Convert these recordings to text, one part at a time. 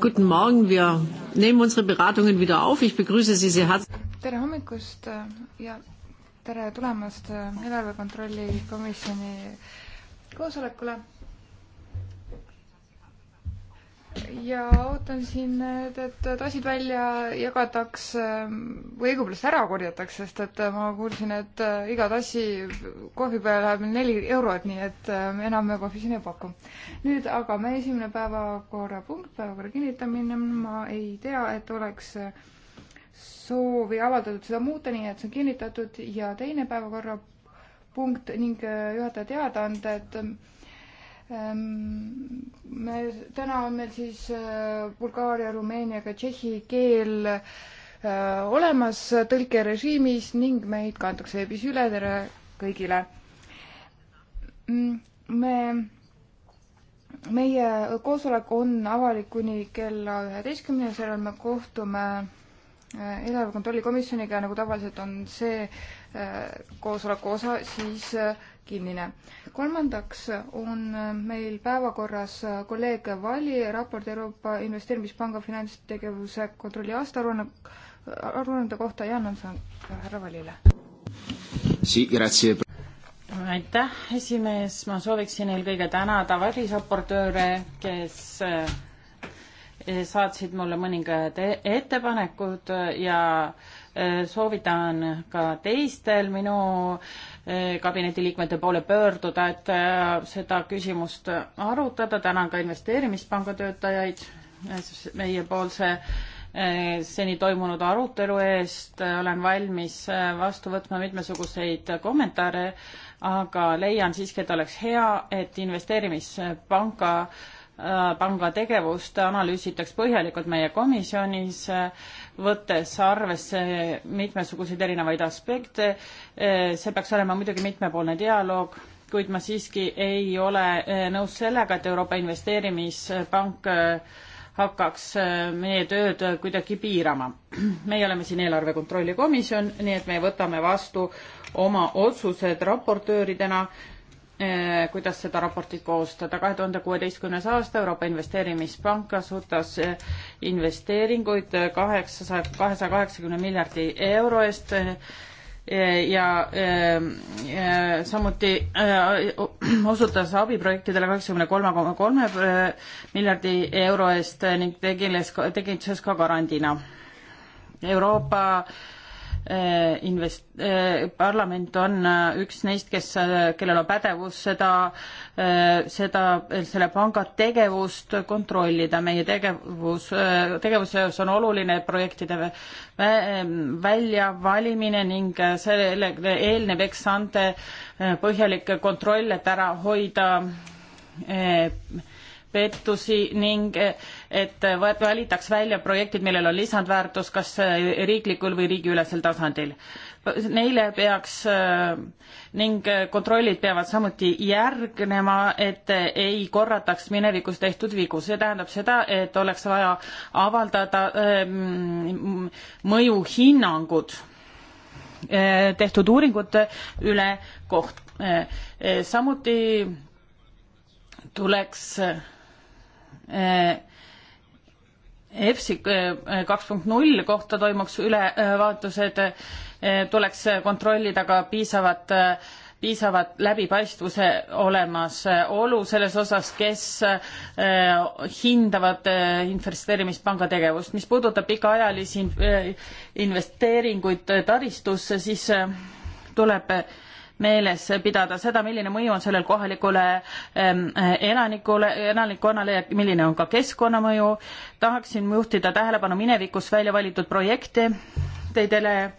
Guten Morgen, wir nehmen unsere Beratungen wieder auf. Ich begrüße Sie sehr herzlich. tere hommikust ja tere tulemast äh, eelarvekontrolli komisjoni koosolekule ja ootan siin, et, et tassid välja jagatakse või õigupoolest ära korjatakse, sest et ma kuulsin, et äh, iga tassi kohvi peale läheb meil neli eurot, nii et äh, enam me kohvi siin ei paku. nüüd aga meie esimene päevakorrapunkt, päevakorra kinnitamine, ma ei tea, et oleks äh, soovi avaldatud seda muuta, nii et see on kinnitatud ja teine päevakorrapunkt ning juhataja teadaanded et Ehm, me, täna on meil siis äh, Bulgaaria, Rumeeniaga tšehhi keel äh, olemas tõlkerežiimis ning meid kantakse veebis üle, tere kõigile. Mm, me, meie koosolek on avalik kuni kella üheteistkümneni, sellel me kohtume äh, eelarve kontrolli komisjoniga, nagu tavaliselt on see koosoleku osa siis kinnine. kolmandaks on meil päevakorras kolleeg Vali raport Euroopa Investeerimispanga finantstegevuse kontrolli aastaaruanne, aruande kohta ja annan sõna härra Valile. aitäh, esimees, ma sooviksin eelkõige tänada välisraportööre, kes eh, saatsid mulle mõningad e-, ettepanekud ja eh, soovitan ka teistel minu äh, Eh, kabineti liikmete poole pöörduda, et eh, seda küsimust arutada. tänan ka investeerimispanga töötajaid eh, meiepoolse seni toimunud arutelu eest. olen valmis vastu võtma mitmesuguseid kommentaare, aga leian siiski, et oleks hea, et investeerimispanga äh, Äh, panga tegevust analüüsitaks põhjalikult meie komisjonis, äh, võttes arvesse mitmesuguseid erinevaid aspekte. Äh, see peaks olema muidugi mitmepoolne dialoog, kuid ma siiski ei ole nõus sellega, et Euroopa Investeerimispank hakkaks meie tööd kuidagi piirama. meie oleme siin eelarve kontrolli komisjon, nii et me võtame vastu oma otsused raportööridena Eh, kuidas seda raportit koostada. kahe tuhande kuueteistkümnes aasta Euroopa Investeerimispank kasutas eh, investeeringuid eh, kaheksasaja, kahesaja kaheksakümne miljardi euro eest ja samuti osutas abiprojektidele kaheksakümne kolme koma kolme miljardi euro eest ning tegeles, tegeles ka garandina. Euroopa äh, Äh, invest-, äh, parlament on äh, üks neist, kes, kellel on pädevus seda, seda, selle panga tegevust kontrollida. meie tegevus, tegevusseos on oluline projektide ähm, väljavalimine ning sellele eelnev eksante põhjalik kontroll, et ära hoida pettusi ning et valitaks välja projektid, millel on lisandväärtus kas äh, riiklikul või riigiülesel tasandil. Neile peaks äh, ning kontrollid peavad samuti järgnema, et ei korrataks minevikus tehtud vigu, see tähendab seda, et oleks vaja avaldada ähm, mõjuhinnangud äh, tehtud uuringute üle koht. samuti tuleks Äh, EFSI äh, kaks punkt null kohta toimuks ülevaatused, äh, tuleks kontrollida ka piisavat, piisavat läbipaistvuse olemasolu selles osas, kes hindavad investeerimispanga tegevust. mis puudutab pikaajalisi investeeringuid taristusse, siis tuleb meeles pidada seda, milline mõju on sellel kohalikule ähm, elanikule, elanikkonnale ja milline on ka keskkonnamõju. tahaksin juhtida tähelepanu minevikus välja valitud projekte, teidele,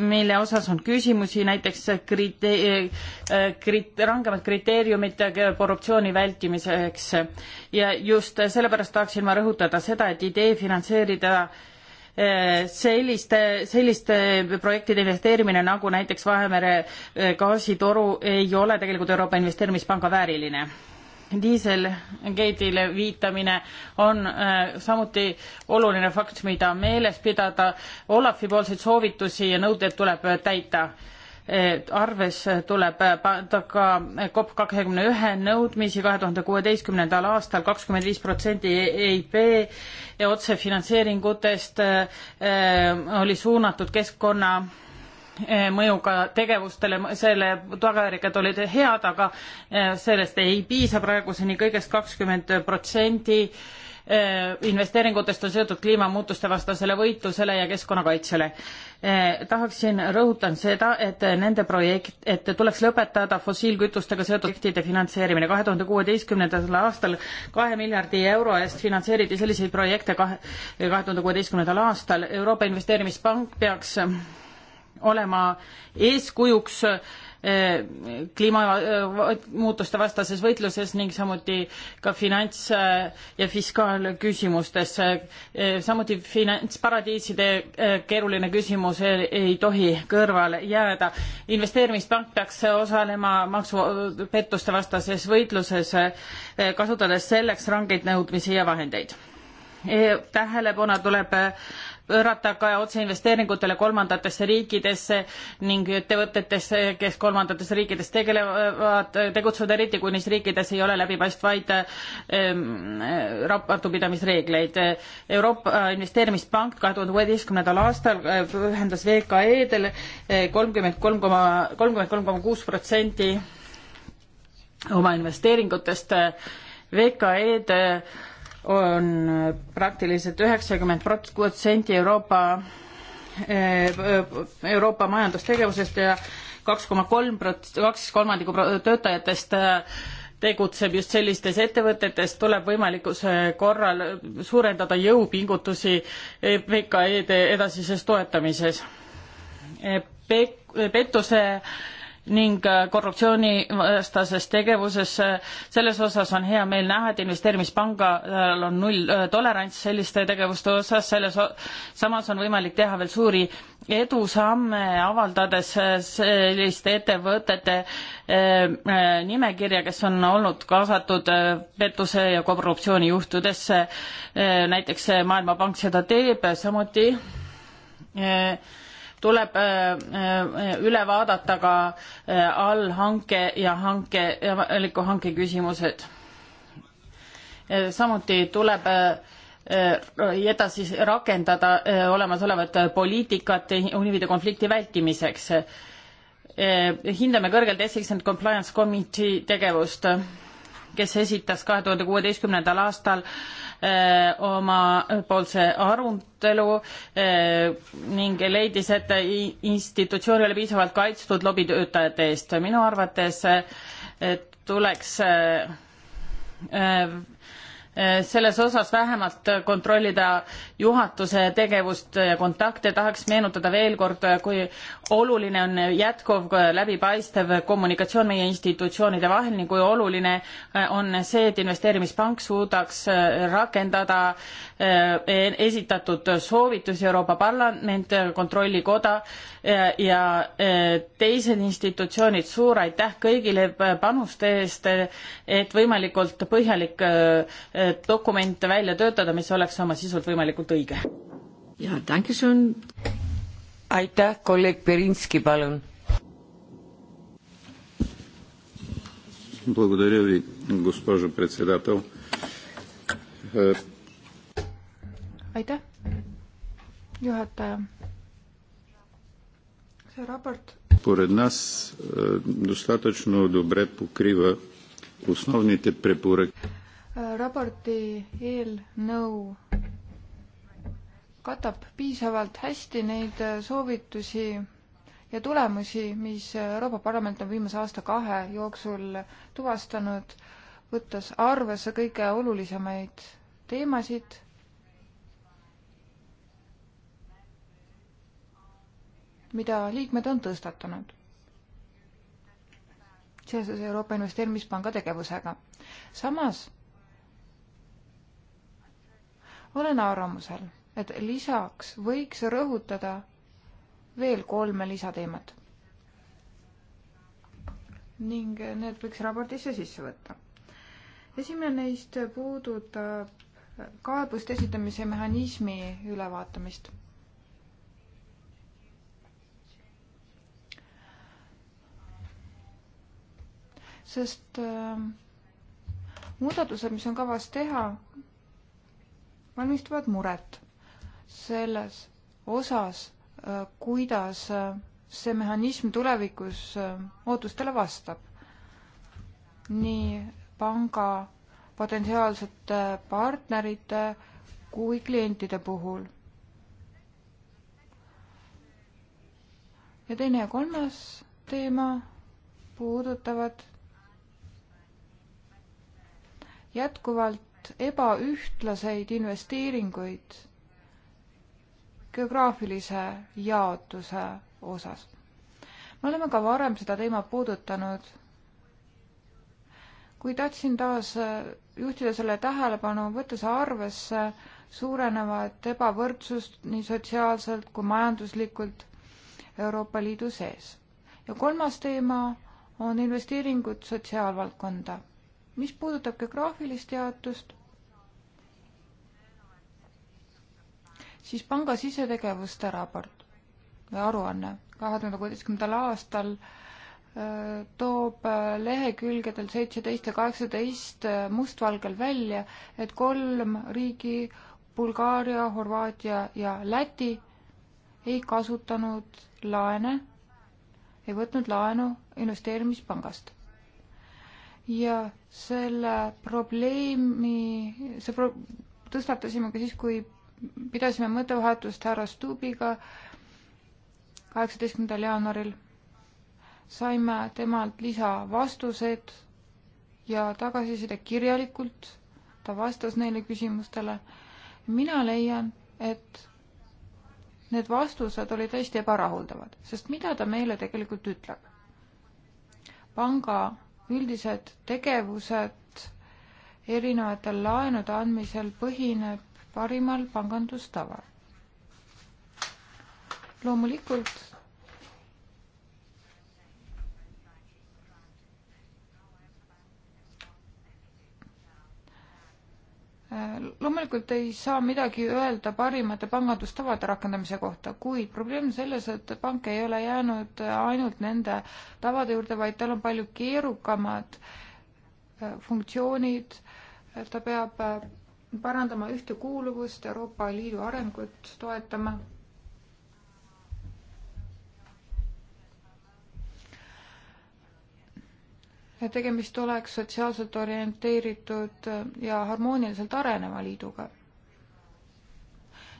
mille osas on küsimusi, näiteks krite-, äh, krit-, rangemad kriteeriumid korruptsiooni vältimiseks. ja just sellepärast tahaksin ma rõhutada seda, et idee finantseerida äh, Äh, selliste, selliste projektide investeerimine nagu näiteks Vahemere äh, gaasitoru ei ole tegelikult Euroopa Investeerimispanga vääriline. Dieselgate'ile viitamine on äh, samuti oluline fakt, mida meeles pidada. Olafi poolseid soovitusi ja nõudeid tuleb täita arves tuleb panna ka COP kahekümne ühe nõudmisi kahe tuhande kuueteistkümnendal aastal kakskümmend viis protsenti EIB otsefinantseeringutest eh, oli suunatud keskkonna eh, mõjuga tegevustele, selle tagajärjed olid head, aga eh, sellest ei piisa praeguseni kõigest, kõigest kakskümmend protsenti Äh, investeeringutest on seotud kliimamuutuste vastasele võitlusele ja keskkonnakaitsele. Äh, tahaksin rõhutan seda, et nende projekt, et tuleks lõpetada fossiilkütustega seotud projektide finantseerimine. kahe tuhande kuueteistkümnendal aastal kahe miljardi euro eest finantseeriti selliseid projekte kahe, kahe tuhande kuueteistkümnendal aastal. Euroopa Investeerimispank peaks olema eeskujuks äh, kliimamuutuste vastases võitluses ning samuti ka finants- ja fiskaalküsimustes. samuti finantsparadiiside eh, keeruline küsimus ei tohi kõrvale jääda. investeerimispank peaks osalema maksupettuste vastases võitluses, eh, kasutades selleks rangeid nõudmisi ja vahendeid e, tähelepanu tuleb pöörata ka otseinvesteeringutele kolmandatesse riikidesse ning ettevõtetesse, kes kolmandates riikides tegelevad, tegutsevad, eriti kui neis riikides ei ole läbipaistvaid ähm, raamatupidamisreegleid. Euroopa Investeerimispank kahe tuhande kuueteistkümnendal aastal pühendas eh, VKE-del eh, kolmkümmend kolm koma, kolmkümmend kolm koma kuus protsenti oma investeeringutest VKE-d on praktiliselt üheksakümmend protsenti Euroopa, eh, Euroopa majandustegevusest ja kaks koma kolm prots-, kaks kolmandikku töötajatest eh, tegutseb just sellistes ettevõtetes, tuleb võimalikkuse korral suurendada jõupingutusi VKE-de edasises toetamises. Eh, Pe-, pettuse ning äh, korruptsioonivastasest tegevuses. selles osas on hea meel näha, et investeerimispangal on null äh, tolerants selliste tegevuste osas, selles samas on võimalik teha veel suuri edusamme, avaldades äh, selliste ettevõtete nimekirja, kes on olnud kaasatud pettuse ja korruptsioonijuhtudesse. näiteks Maailmapank seda teeb, samuti tuleb äh, äh, üle vaadata ka äh, allhanke ja hanke, avaliku hanke küsimused. samuti tuleb edasi rakendada olemasolevat poliitikat huvide konflikti vältimiseks. hindame kõrgelt Ethics and Compliance Committee tegevust, kes esitas kahe tuhande kuueteistkümnendal aastal Äh, omapoolse arutelu äh, ning leidis, et institutsioon ei ole piisavalt kaitstud lobitöötajate eest. minu arvates äh, tuleks Eh, selles osas vähemalt kontrollida juhatuse tegevust ja kontakte, tahaks meenutada veel kord, kui oluline on jätkuv läbipaistev kommunikatsioon meie institutsioonide vahel ning kui oluline eh, on see, et investeerimispank suudaks eh, rakendada esitatud soovitusi Euroopa Parlament, Kontrollikoda ja teised institutsioonid, suur aitäh kõigile panuste eest, et võimalikult põhjalik dokument välja töötada, mis oleks oma sisult võimalikult õige. ja tänke schön. aitäh, kolleeg Berinski, palun. aitäh, juhataja. see raport според нас достатъчно добре покрива основните препоръки raporti eelnõu katab piisavalt hästi neid äh, soovitusi ja tulemusi, mis Euroopa Parlament on viimase aasta-kahe jooksul tuvastanud, võttes arvesse kõige olulisemaid teemasid mida liikmed on tõstatanud seoses Euroopa Investeerimispanga tegevusega. samas olen arvamusel, et lisaks võiks rõhutada veel kolme lisateemat. ning need võiks raportisse sisse võtta. esimene neist puudutab kaebuste esitamise mehhanismi ülevaatamist. sest äh, muudatused, mis on kavas teha, valmistavad muret selles osas, äh, kuidas äh, see mehhanism tulevikus äh, ootustele vastab. nii panga potentsiaalsete partnerite kui klientide puhul. ja teine ja kolmas teema puudutavad jätkuvalt olnud ebaühtlaseid investeeringuid geograafilise jaotuse osas. me oleme ka varem seda teemat puudutanud, kuid tahtsin taas juhtida selle tähelepanu, võttes arvesse suurenevat ebavõrdsust nii sotsiaalselt kui majanduslikult Euroopa Liidu sees. ja kolmas teema on investeeringud sotsiaalvaldkonda mis puudutab geograafilist jaotust, siis panga sisetegevuste raport või aruanne kahe tuhande kuueteistkümnendal aastal äh, toob äh, lehekülgedel seitseteist ja kaheksateist äh, mustvalgel välja, et kolm riigi, Bulgaaria, Horvaatia ja Läti, ei kasutanud laene, ei võtnud laenu investeerimispangast ja selle probleemi, see pro-, tõstatasime ka siis, kui pidasime mõttevahetust härra Stubiga kaheksateistkümnendal jaanuaril. saime temalt lisavastuseid ja tagasiside kirjalikult, ta vastas neile küsimustele. mina leian, et need vastused olid hästi ebarahuldavad, sest mida ta meile tegelikult ütleb? panga üldised tegevused erinevatel laenude andmisel põhineb parimal pangandustaval. loomulikult loomulikult ei saa midagi öelda parimate pangandustavade rakendamise kohta, kuid probleem selles, et pank ei ole jäänud ainult nende tavade juurde, vaid tal on palju keerukamad äh, funktsioonid, ta peab äh, parandama ühtekuuluvust, Euroopa Liidu arengut toetama et tegemist oleks sotsiaalselt orienteeritud ja harmooniliselt areneva liiduga.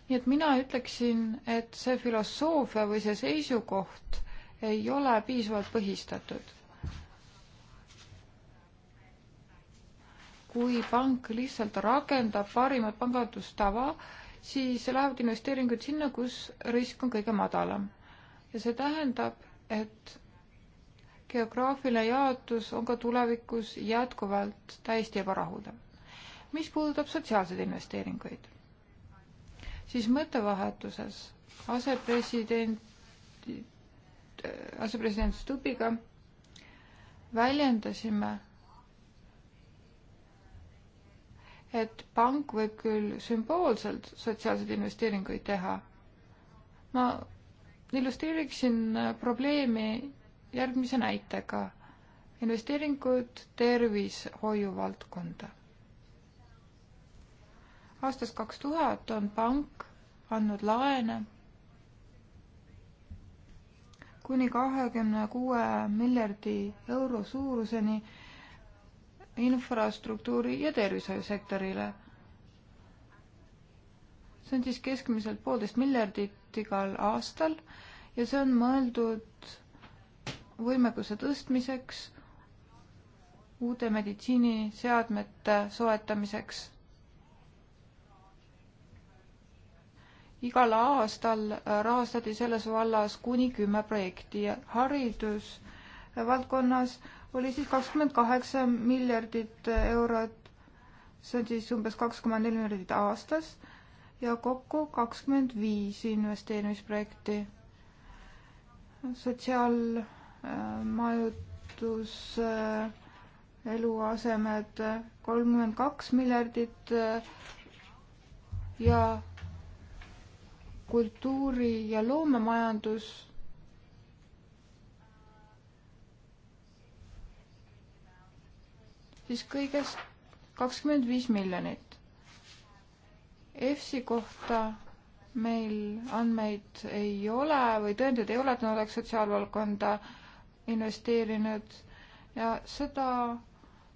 nii et mina ütleksin, et see filosoofia või see seisukoht ei ole piisavalt põhistatud. kui pank lihtsalt rakendab parimat pangandustava, siis lähevad investeeringud sinna, kus risk on kõige madalam. ja see tähendab, et geograafiline jaotus on ka tulevikus jätkuvalt täiesti ebarahuldav. mis puudutab sotsiaalseid investeeringuid, siis mõttevahetuses asepresident, asepresident Stubiga väljendasime, et pank võib küll sümboolselt sotsiaalseid investeeringuid teha. ma illustreeriksin probleemi järgmise näitega. investeeringud tervishoiu valdkonda. aastast kaks tuhat on pank andnud laene kuni kahekümne kuue miljardi euro suuruseni infrastruktuuri ja tervishoiusektorile. see on siis keskmiselt poolteist miljardit igal aastal ja see on mõeldud võimekuse tõstmiseks, uute meditsiiniseadmete soetamiseks. igal aastal äh, rahastati selles vallas kuni kümme projekti ja haridusvaldkonnas oli siis kakskümmend kaheksa miljardit eurot, see on siis umbes kaks koma neli miljardit aastas ja kokku kakskümmend viis investeerimisprojekti sotsiaal- majutus, äh, eluasemed äh, kolmkümmend kaks miljardit äh, ja kultuuri- ja loomemajandus siis kõigest kakskümmend viis miljonit. EFSi kohta meil andmeid ei ole või tõendeid ei ole, et nad oleks sotsiaalvaldkonda äh, investeerinud ja seda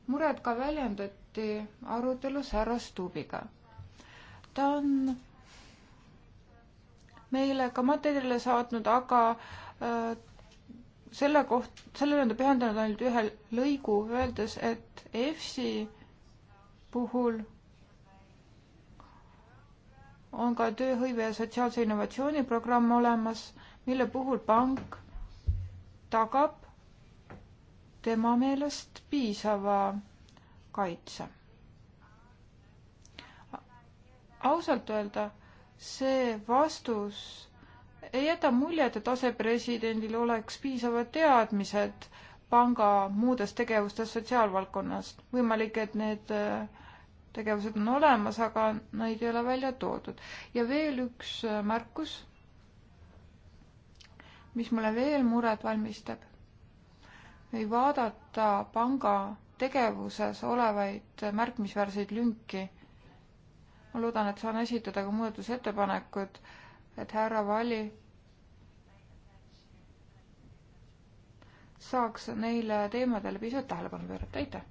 muret ka väljendati arutelus härra Stubiga. ta on meile ka materjale saatnud, aga äh, selle koht, sellele on ta pühendanud ainult ühe lõigu, öeldes, et EFSi puhul on ka tööhõive ja sotsiaalse innovatsiooni programm olemas, mille puhul pank tagab tema meelest piisava kaitse. ausalt öelda, see vastus ei jäta muljet, et asepresidendil oleks piisavad teadmised panga muudest tegevustest sotsiaalvaldkonnast. võimalik, et need äh, tegevused on olemas, aga neid ei ole välja toodud. ja veel üks äh, märkus, mis mulle veel muret valmistab ei vaadata panga tegevuses olevaid märkimisväärseid lünki. ma loodan, et saan esitada ka muudatusettepanekud, et härra Vali saaks neile teemadele pisut tähelepanu pöörata, aitäh!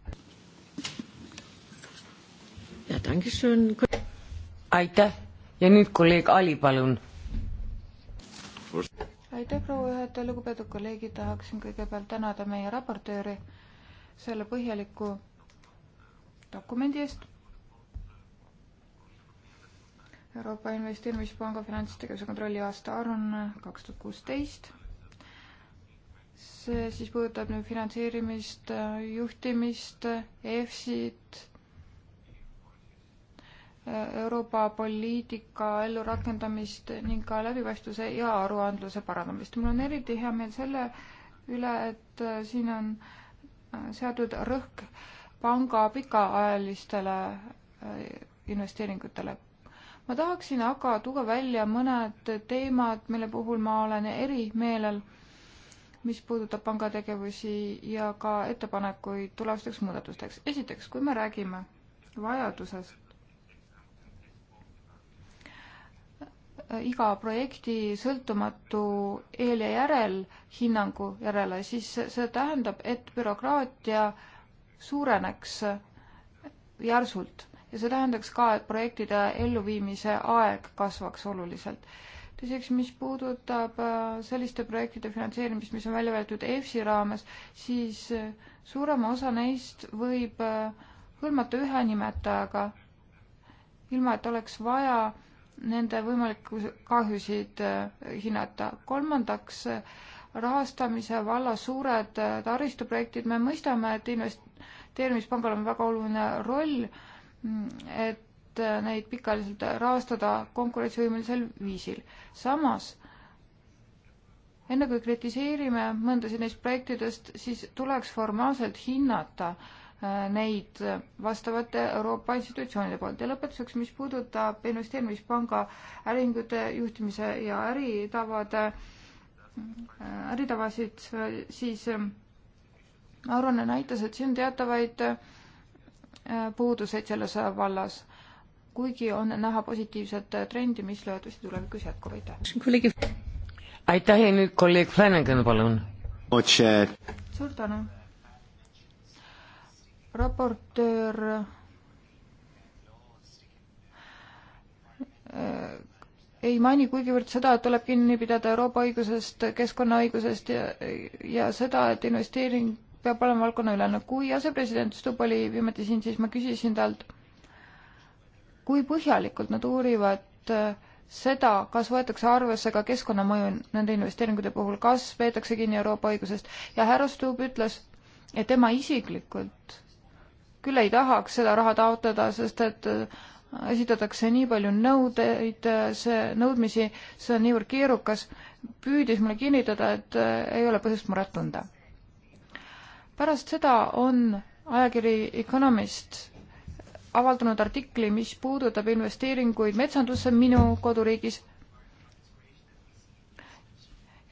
aitäh ja nüüd kolleeg Ali, palun! aitäh, proua juhataja, lugupeetud kolleegid, tahaksin kõigepealt tänada meie raportööri selle põhjaliku dokumendi eest. Euroopa Investeerimispanga finantstegevuse kontrolli aastaaruanne kaks tuhat kuusteist see siis puudutab nüüd finantseerimist, juhtimist, EFSit Euroopa poliitika ellurakendamist ning ka läbipaistvuse ja aruandluse parandamist. mul on eriti hea meel selle üle, et äh, siin on äh, seatud rõhk panga pikaajalistele äh, investeeringutele. ma tahaksin aga tuua välja mõned teemad, mille puhul ma olen eri meelel, mis puudutab panga tegevusi ja ka ettepanekuid tulevasteks muudatusteks. esiteks, kui me räägime vajadusest iga projekti sõltumatu eel- ja järelhinnangu järele, siis see tähendab, et bürokraatia suureneks järsult ja see tähendaks ka, et projektide elluviimise aeg kasvaks oluliselt. teiseks, mis puudutab äh, selliste projektide finantseerimist, mis on välja võetud EFSI raames, siis äh, suurema osa neist võib äh, hõlmata ühe nimetajaga, ilma et oleks vaja nende võimalikku kahjusid äh, hinnata. kolmandaks, äh, rahastamise valla suured äh, taristuprojektid, me mõistame, et investeerimispangal on väga oluline roll, mm, et neid pikaajaliselt rahastada konkurentsivõimelisel viisil. samas enne kui kritiseerime mõndasid neist projektidest, siis tuleks formaalselt hinnata äh, Äh, neid vastavate Euroopa institutsioonide poolt. ja lõpetuseks, mis puudutab investeerimispanga äringute juhtimise ja äritavade, äh, äritavasid, siis äh, aruanne näitas, et siin on teatavaid puuduseid selles vallas, kuigi on näha positiivset trendi, mis loodetavasti tulevikus jätkub, aitäh. aitäh ja nüüd kolleeg Flanagan, palun. suur tänu raportöör äh, ei maini kuigivõrd seda, et tuleb kinni pidada Euroopa õigusest, keskkonnaõigusest ja, ja seda, et investeering peab olema valdkonnaülene. kui asepresident Stubb oli viimati siin, siis ma küsisin talt, kui põhjalikult nad uurivad äh, seda, kas võetakse arvesse ka keskkonnamõju nende investeeringute puhul, kas peetakse kinni Euroopa õigusest ja härra Stubb ütles, et tema isiklikult küll ei tahaks seda raha taotleda, sest et äh, esitatakse nii palju nõudeid, äh, see, nõudmisi, see on niivõrd keerukas, püüdis mulle kinnitada, et äh, ei ole põhjust muret tunda. pärast seda on ajakiri Economist avaldanud artikli, mis puudutab investeeringuid metsandusse minu koduriigis.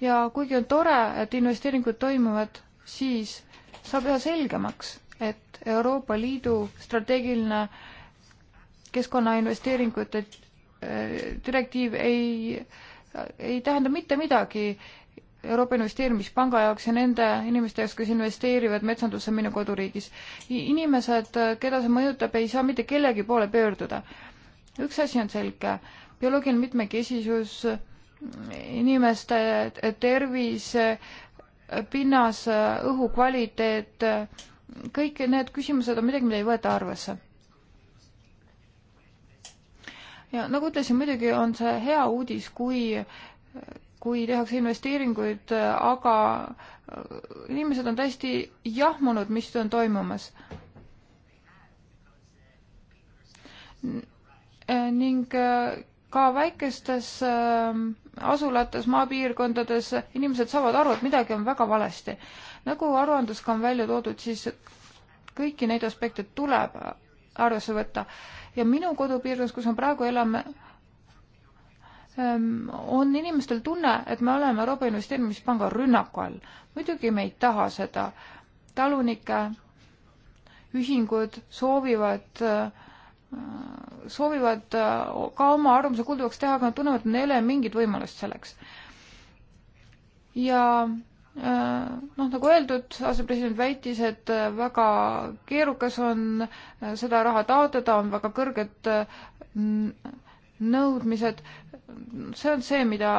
ja kuigi on tore, et investeeringud toimuvad, siis saab üha selgemaks, et Euroopa Liidu strateegiline keskkonnainvesteeringute äh, direktiiv ei, ei tähenda mitte midagi Euroopa Investeerimispanga jaoks ja nende inimeste jaoks, kes investeerivad metsandusse minu koduriigis. inimesed, keda see mõjutab, ei saa mitte kellegi poole pöörduda. üks asi on selge, bioloogiline mitmekesisus, inimeste tervis, pinnas, õhu kvaliteet, kõik need küsimused on midagi, mida ei võeta arvesse. ja nagu ütlesin, muidugi on see hea uudis, kui, kui tehakse investeeringuid, aga äh, inimesed on täiesti jahmunud, mis on toimumas. ning äh, ka väikestes äh, asulates, maapiirkondades inimesed saavad aru, et midagi on väga valesti nagu aruandes ka on välja toodud, siis kõiki neid aspekte tuleb arvesse võtta ja minu kodupiirkonnas, kus me praegu elame, ehm, on inimestel tunne, et me oleme Euroopa Investeerimispanga rünnaku all. muidugi me ei taha seda. talunike ühingud soovivad ehm, soovivad ehm, ka oma arvamuse kuuldavaks teha, aga nad tunnevad, et neil ei ole mingit võimalust selleks. ja Äh, noh, nagu öeldud, asepresident väitis, et äh, väga keerukas on äh, seda raha taotleda, on väga kõrged nõudmised. see on see, mida,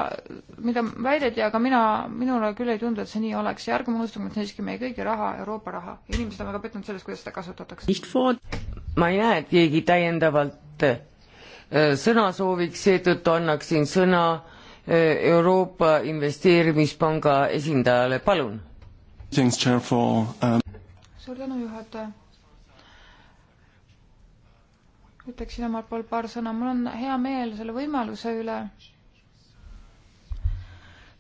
mida väideti, aga mina, minule küll ei tundu, et see nii oleks ja ärgem unustagem, et see on siiski meie kõigi raha, Euroopa raha. inimesed on väga pettunud selles, kuidas seda kasutatakse. ma ei näe, et keegi täiendavalt sõna sooviks, seetõttu annaksin sõna Euroopa Investeerimispanga esindajale, palun. Um, suur tänu, juhataja. ütleksin omalt poolt paar sõna, mul on hea meel selle võimaluse üle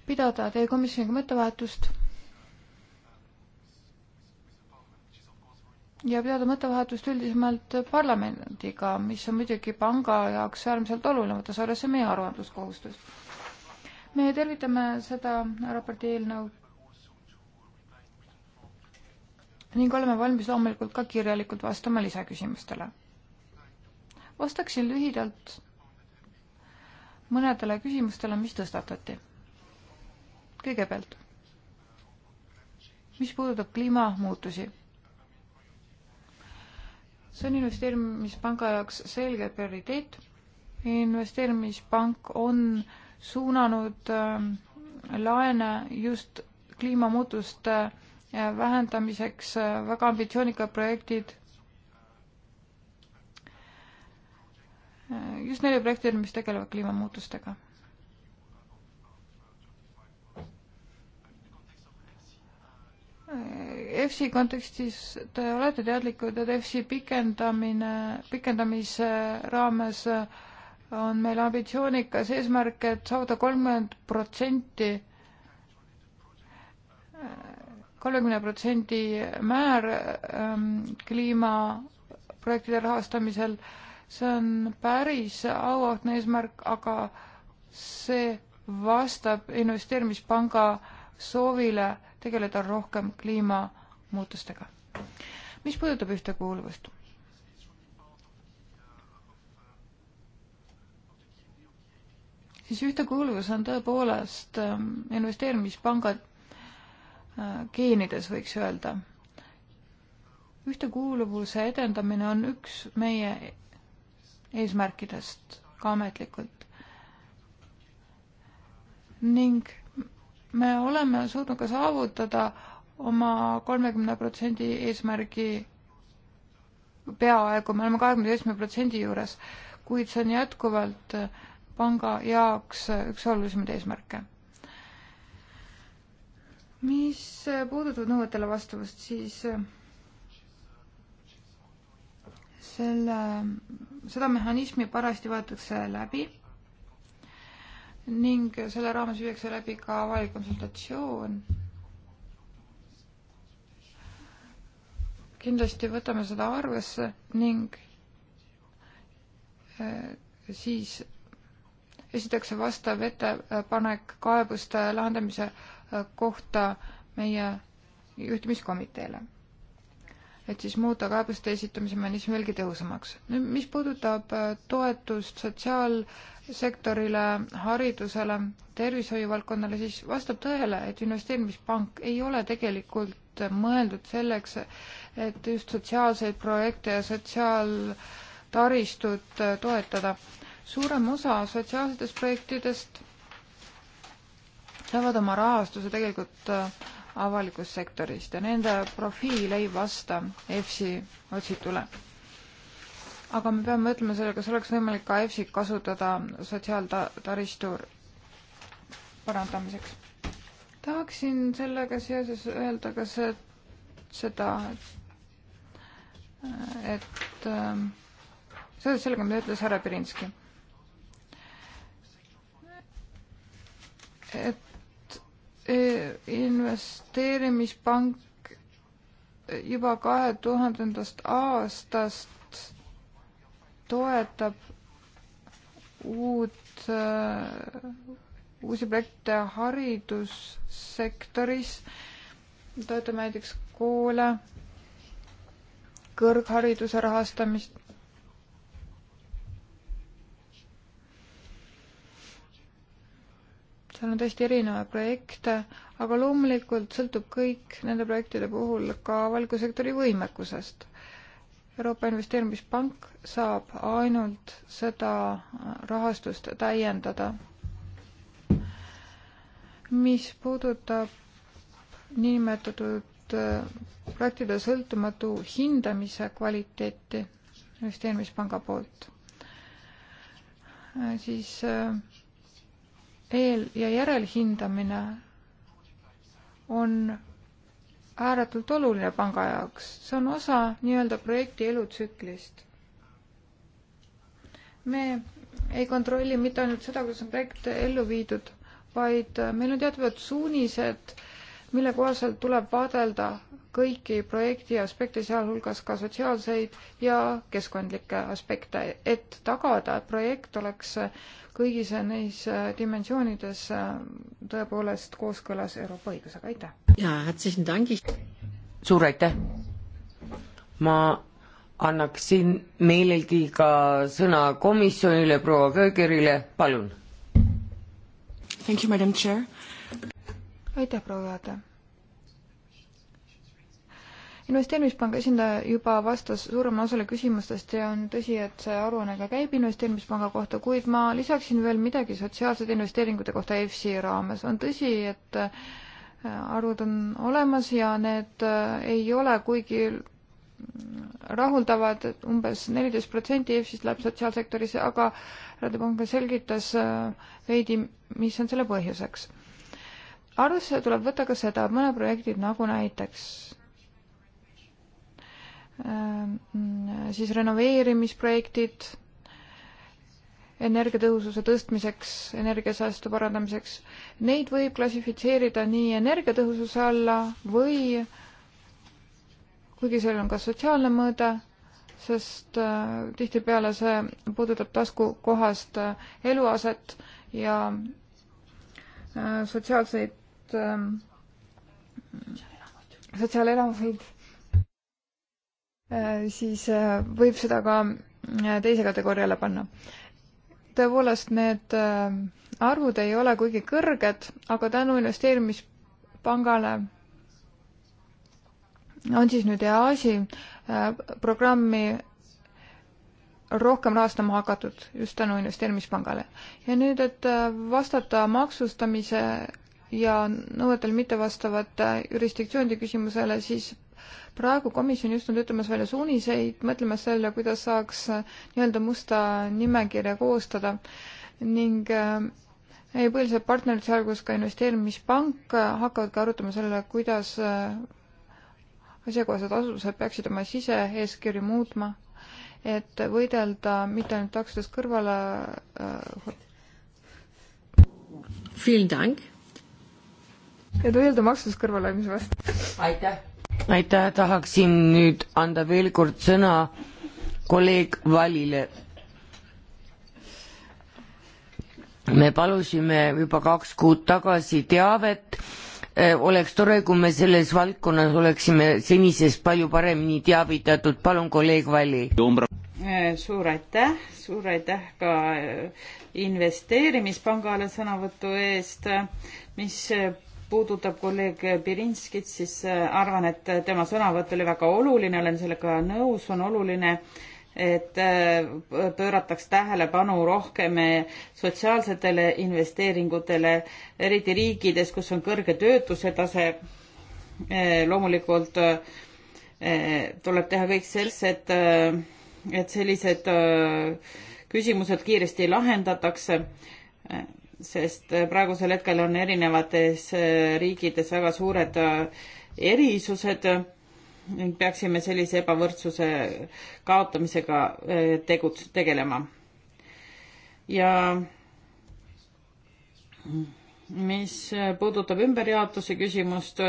pidada teie komisjoniga mõttevahetust ja pidada mõttevahetust üldisemalt parlamendiga, mis on muidugi panga jaoks äärmiselt oluline, võttes arvesse meie aruandluskohustust me tervitame seda raporti eelnõu ning oleme valmis loomulikult ka kirjalikult vastama lisaküsimustele. vastaksin lühidalt mõnedele küsimustele, mis tõstatati. kõigepealt, mis puudutab kliimamuutusi. see on investeerimispanga jaoks selge prioriteet. investeerimispank on äh, suunanud ähm, laene just kliimamuutuste äh, vähendamiseks, äh, väga ambitsioonikad projektid. Äh, just neile projektidele, mis tegelevad kliimamuutustega. EFSi kontekstis te olete teadlikud, et EFSi pikendamine, pikendamise raames äh, on meil ambitsioonikas eesmärk, et saada kolmkümmend protsenti, kolmekümne protsendi määr ähm, kliimaprojektide rahastamisel. see on päris auahne eesmärk, aga see vastab investeerimispanga soovile tegeleda rohkem kliimamuutustega. mis puudutab ühtekuuluvust siis ühtekuuluvus on tõepoolest ähm, investeerimispanga äh, geenides, võiks öelda. ühtekuuluvuse edendamine on üks meie eesmärkidest ka ametlikult. ning me oleme suutnud ka saavutada oma kolmekümne protsendi eesmärgi peaaegu, me oleme kahekümne seitsme protsendi juures, kuid see on jätkuvalt äh, panga jaoks üks olulisemaid eesmärke. mis puudutab nõuetele vastavust, siis selle, seda mehhanismi parajasti võetakse läbi ning selle raames viiakse läbi ka avalik konsultatsioon. kindlasti võtame seda arvesse ning eh, siis esitatakse vastav ettepanek kaebuste lahendamise äh, kohta meie juhtimiskomiteele. et siis muuta kaebuste esitamise mehhanism veelgi tõhusamaks. nüüd, mis puudutab äh, toetust sotsiaalsektorile, haridusele, tervishoiuvaldkonnale, siis vastab tõele, et investeerimispank ei ole tegelikult mõeldud selleks, et just sotsiaalseid projekte ja sotsiaaltaristut äh, toetada suurem osa sotsiaalsetest projektidest saavad oma rahastuse tegelikult äh, avalikust sektorist ja nende profiil ei vasta EFSI otsitule. aga me peame mõtlema sellele, kas oleks võimalik ka EFSI-t kasutada sotsiaaltaristu parandamiseks. tahaksin sellega seoses öelda ka see, seda, et äh, seoses sellega, mida ütles härra Pirinski et eh, investeerimispank juba kahe tuhandendast aastast toetab uut, eh, uusi projekte haridussektoris, toetame näiteks koole, kõrghariduse rahastamist seal on tõesti erinevaid projekte, aga loomulikult sõltub kõik nende projektide puhul ka avaliku sektori võimekusest. Euroopa Investeerimispank saab ainult seda rahastust täiendada. mis puudutab niinimetatud äh, projektide sõltumatu hindamise kvaliteeti investeerimispanga poolt, äh, siis äh, eel- ja järelhindamine on ääretult oluline panga jaoks, see on osa nii-öelda projekti elutsüklist. me ei kontrolli mitte ainult seda, kuidas on projekt ellu viidud, vaid meil on teatavad suunised, mille kohaselt tuleb vaadelda kõiki projekti aspekte, sealhulgas ka sotsiaalseid ja keskkondlikke aspekte, et tagada, et projekt oleks kõigis neis dimensioonides tõepoolest kooskõlas Euroopa õigusega, aitäh! jaa, suur aitäh! ma annaksin meilegi ka sõna komisjonile, proua Köögerile, palun! aitäh, proua juhataja! investeerimispanga esindaja juba vastas suurema osale küsimustest ja on tõsi, et see aruanne ka käib investeerimispanga kohta, kuid ma lisaksin veel midagi sotsiaalsete investeeringute kohta EFSI raames. on tõsi, et äh, arvud on olemas ja need äh, ei ole kuigi rahuldavad et, et umbes neliteist protsenti EFSI-st läheb sotsiaalsektorisse, aga Radepank selgitas äh, veidi, mis on selle põhjuseks. arvesse tuleb võtta ka seda, et mõned projektid nagu näiteks Äh, siis renoveerimisprojektid energiatõhususe tõstmiseks, energiasäästu parandamiseks, neid võib klassifitseerida nii energiatõhususe alla või kuigi seal on ka sotsiaalne mõõde, sest äh, tihtipeale see puudutab taskukohast äh, eluaset ja sotsiaalseid, ähm, sotsiaalelamuseid Äh, siis äh, võib seda ka äh, teise kategooriale panna. tõepoolest, need arvud ei ole kuigi kõrged, aga tänu investeerimispangale on siis nüüd EAS-i programmi rohkem rahastama hakatud just tänu investeerimispangale. ja nüüd, et vastata maksustamise ja nõuetele mittevastavate jurisdiktsioonide küsimusele, siis praegu komisjon just on töötamas välja suuniseid, mõtlemas selle, kuidas saaks äh, nii-öelda musta nimekirja koostada ning äh, meie põhilised partnerid, sealhulgas ka investeerimispank, äh, hakkavad ka arutama selle, kuidas asjakohased asutused peaksid oma sise-eeskirju muutma, et võidelda mitte ainult taksodest kõrvale äh, Vielen Dank. ja tulda maksudest kõrvale, mis vast. aitäh aitäh, tahaksin nüüd anda veel kord sõna kolleeg Valile. me palusime juba kaks kuud tagasi teavet, äh, oleks tore, kui me selles valdkonnas oleksime senisest palju paremini teavitatud, palun kolleeg Vali. Äh, suur aitäh, suur aitäh ka äh, investeerimispangale sõnavõtu eest, mis puudutab kolleeg Pirinskit, siis äh, arvan, et tema sõnavõtt oli väga oluline, olen sellega nõus, on oluline, et äh, pöörataks tähelepanu rohkem äh, sotsiaalsetele investeeringutele, eriti riikides, kus on kõrge töötuse tase. loomulikult tuleb teha kõik selles, et, et sellised küsimused kiiresti lahendatakse sest äh, praegusel hetkel on erinevates äh, riikides väga suured äh, erisused ning peaksime sellise ebavõrdsuse kaotamisega tegut-, tegelema. ja mis puudutab ümberjaotuse küsimust,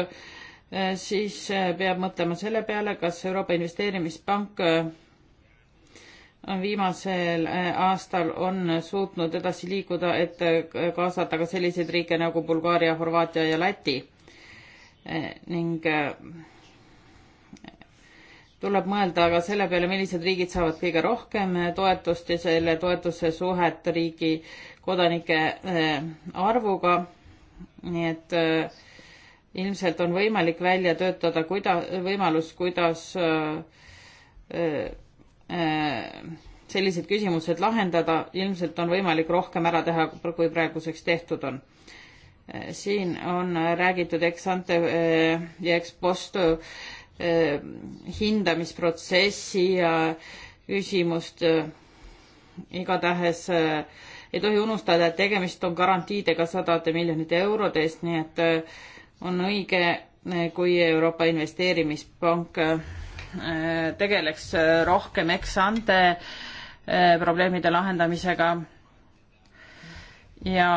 siis peab mõtlema selle peale, kas Euroopa Investeerimispank viimasel äh, aastal on suutnud edasi liikuda, et äh, kaasata ka selliseid riike nagu Bulgaaria, Horvaatia ja Läti äh, ning tuleb mõelda ka selle peale, millised riigid saavad kõige rohkem toetust ja selle toetuse suhet riigi kodanike arvuga. nii et ilmselt on võimalik välja töötada kuida-, võimalus, kuidas Äh, sellised küsimused lahendada, ilmselt on võimalik rohkem ära teha, kui praeguseks tehtud on. Äh, siin on räägitud ex ante äh, ja ex post hindamisprotsessi ja küsimust igatahes ei tohi unustada, et tegemist on garantiidega sadade miljonite eurode eest, nii et on õige, kui Euroopa Investeerimispank Äh, tegeleks äh, rohkem eksante äh, probleemide lahendamisega ja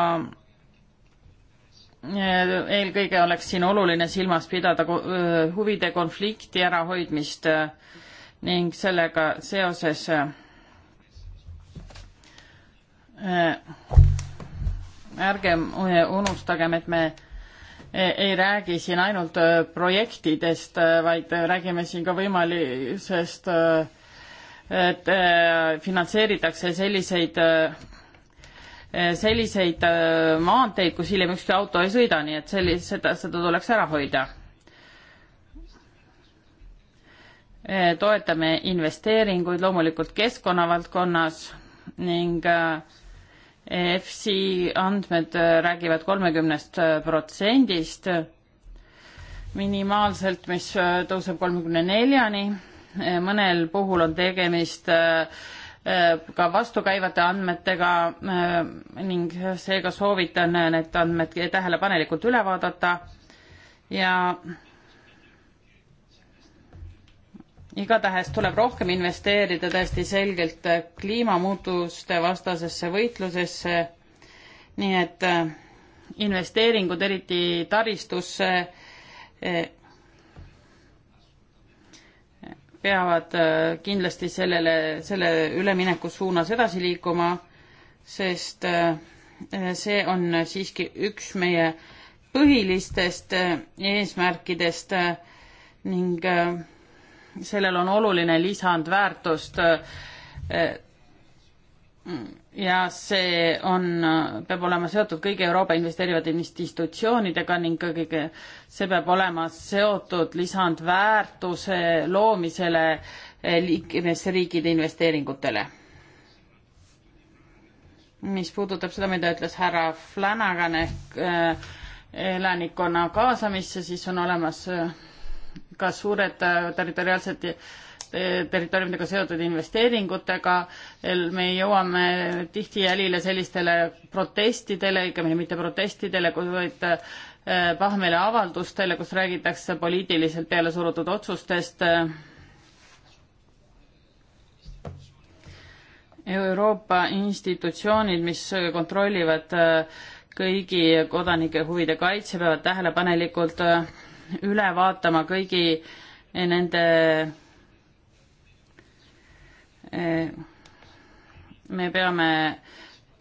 eelkõige oleks siin oluline silmas pidada huvide konflikti ärahoidmist ning sellega seoses ärgem unustagem, et me ei räägi siin ainult äh, projektidest, äh, vaid äh, räägime siin ka võimalusest, et finantseeritakse selliseid, selliseid maanteid, kus hiljem ükski auto ei sõida, nii et sellist, seda, seda tuleks ära hoida. toetame investeeringuid loomulikult keskkonna valdkonnas ning äh, EFSI andmed äh, räägivad kolmekümnest äh, protsendist minimaalselt, mis äh, tõuseb kolmekümne neljani. mõnel puhul on tegemist ka vastukäivate andmetega ning seega soovitan need andmed tähelepanelikult üle vaadata ja igatahes tuleb rohkem investeerida täiesti selgelt kliimamuutuste vastasesse võitlusesse. nii et äh, investeeringud eriti taristusse äh, peavad äh, kindlasti sellele, selle ülemineku suunas edasi liikuma, sest see on siiski üks meie põhilistest eesmärkidest ning sellel on oluline lisandväärtust ja see on, peab olema seotud kõigi Euroopa investeerivate institutsioonidega ning kõige, see peab olema seotud lisandväärtuse loomisele liikmesriikide investeeringutele. mis puudutab seda, mida ütles härra Flanagan ehk äh, elanikkonna kaasamisse, siis on olemas äh, ka suured äh, territoriaalsed äh, territooriumidega seotud investeeringutega, me jõuame tihti jälile sellistele protestidele, õigemini mitte protestidele, vaid äh, pahameeleavaldustele, kus räägitakse poliitiliselt peale surutud otsustest. Euroopa institutsioonid, mis kontrollivad kõigi kodanike huvide kaitse, peavad tähelepanelikult üle vaatama kõigi nende eh, me peame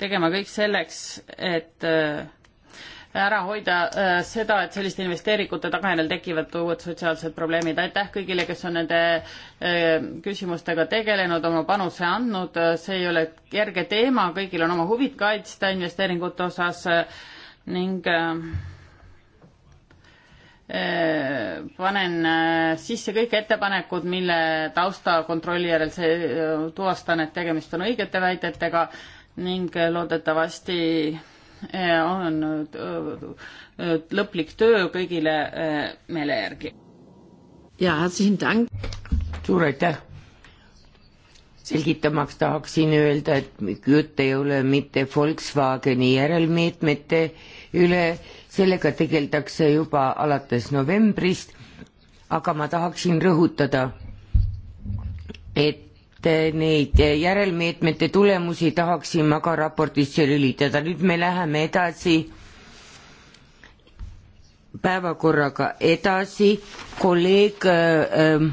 tegema kõik selleks, et eh, ära hoida eh, seda, et selliste investeeringute tagajärjel tekivad uued sotsiaalsed probleemid. aitäh kõigile, kes on nende küsimustega tegelenud, oma panuse andnud. see ei ole kerge teema, kõigil on oma huvid kaitsta investeeringute osas ning äh, Äh, panen äh, sisse kõik ettepanekud, mille taustakontrolli järel see äh, tuvastan, et tegemist on õigete väidetega ning loodetavasti on lõplik töö kõigile meele järgi. ja siin tänk. suur aitäh. selgitamaks tahaksin öelda, et jutt ei ole mitte Volkswageni järelmeetmete üle sellega tegeldakse juba alates novembrist, aga ma tahaksin rõhutada, et neid järelmeetmete tulemusi tahaksin ma ka raportisse lülitada, nüüd me läheme edasi päevakorraga edasi, kolleeg äh,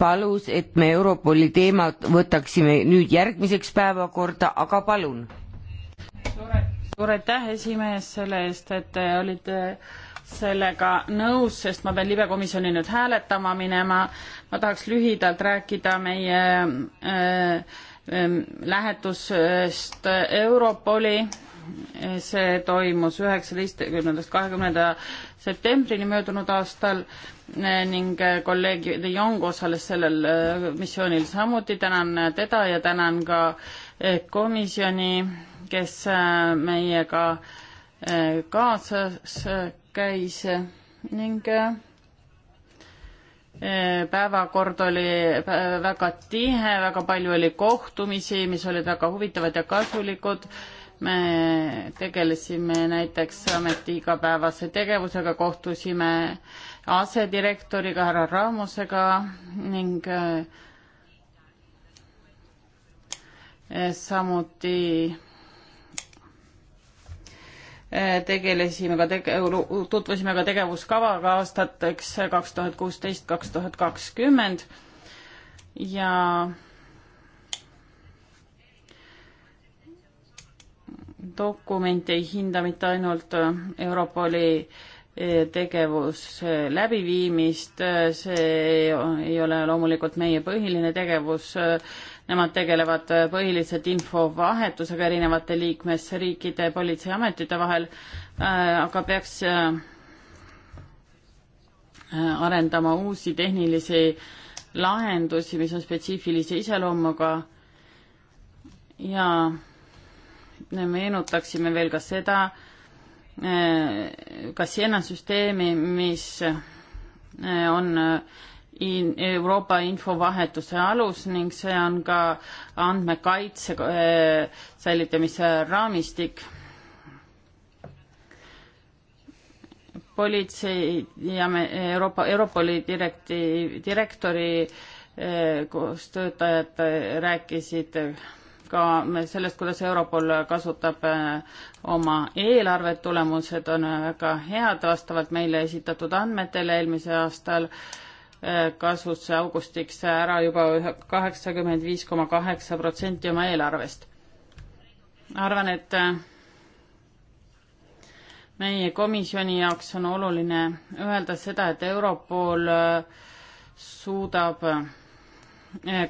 palus, et me Europoli teemad võtaksime nüüd järgmiseks päevakorda, aga palun. suur aitäh suur aitäh, esimees, selle eest, et te olite sellega nõus, sest ma pean libekomisjoni nüüd hääletama minema. ma tahaks lühidalt rääkida meie äh, äh, lähetusest Europoli. see toimus üheksateistkümnendast kahekümnenda septembrini möödunud aastal äh, ning äh, kolleeg De Jong osales sellel äh, missioonil samuti. tänan teda ja tänan ka komisjoni kes äh, meiega äh, kaasas äh, käis ning päevakord oli väga tihe, väga palju oli kohtumisi, mis olid väga huvitavad ja kasulikud. me tegelesime näiteks ameti igapäevase tegevusega, kohtusime asedirektoriga härra Raamusega ning samuti Eh, tegelesime ka tege-, tutvusime ka tegevuskavaga aastateks kaks tuhat kuusteist, kaks tuhat kakskümmend ja dokumenti ei hinda mitte ainult eh, Europoli eh, tegevuse läbiviimist, see ei ole loomulikult meie põhiline tegevus, Nemad tegelevad äh, põhiliselt infovahetusega erinevate liikmesriikide politseiametite vahel, äh, aga peaks äh, arendama uusi tehnilisi lahendusi, mis on spetsiifilise iseloomuga ja meenutaksime veel ka seda, ka Siena süsteemi, mis on in Euroopa infovahetuse alus ning see on ka andmekaitse äh, säilitamise raamistik. politsei ja me Euroopa, Europoli direkti-, direktori äh, koos töötajad äh, rääkisid ka sellest, kuidas Europol kasutab oma eelarvet, tulemused on väga head vastavalt meile esitatud andmetele eelmisel aastal äh, Eh, kasusse augustiks ära juba kaheksakümmend viis koma kaheksa protsenti oma eelarvest. arvan, et eh, meie komisjoni jaoks on oluline öelda seda, et Europol eh, suudab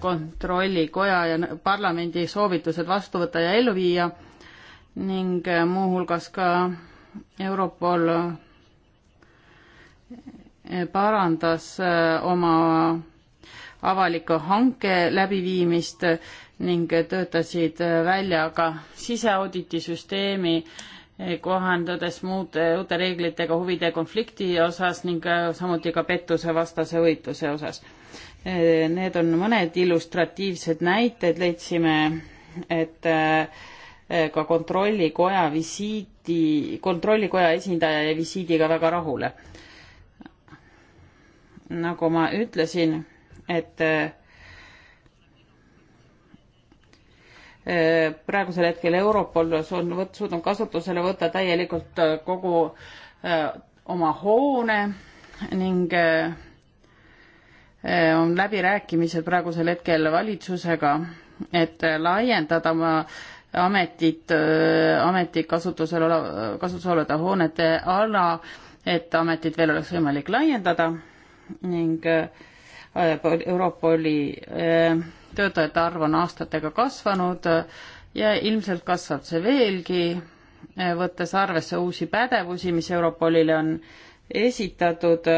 kontrollikoja ja parlamendi soovitused vastu võtta ja ellu viia ning muuhulgas ka Europol parandas äh, oma avaliku hanke läbiviimist ning töötasid äh, välja ka siseauditisüsteemi, äh, kohandades muude uute reeglitega huvide konflikti osas ning samuti ka pettusevastase võitluse osas. Need on mõned illustratiivsed näited, leidsime, et ka kontrollikoja visiiti, kontrollikoja esindaja jäi visiidiga väga rahule nagu ma ütlesin, et äh, äh, praegusel hetkel Europol on suutnud kasutusele võtta täielikult äh, kogu oma hoone ning on läbirääkimised praegusel hetkel valitsusega, et laiendada oma ametit, ametit kasutusel ole, kasutusel olevate hoonete ala, et ametit veel oleks võimalik laiendada ning Europoli äh, äh, töötajate arv on aastatega kasvanud äh, ja ilmselt kasvab see veelgi, võttes arvesse uusi pädevusi, mis Europolile on esitatud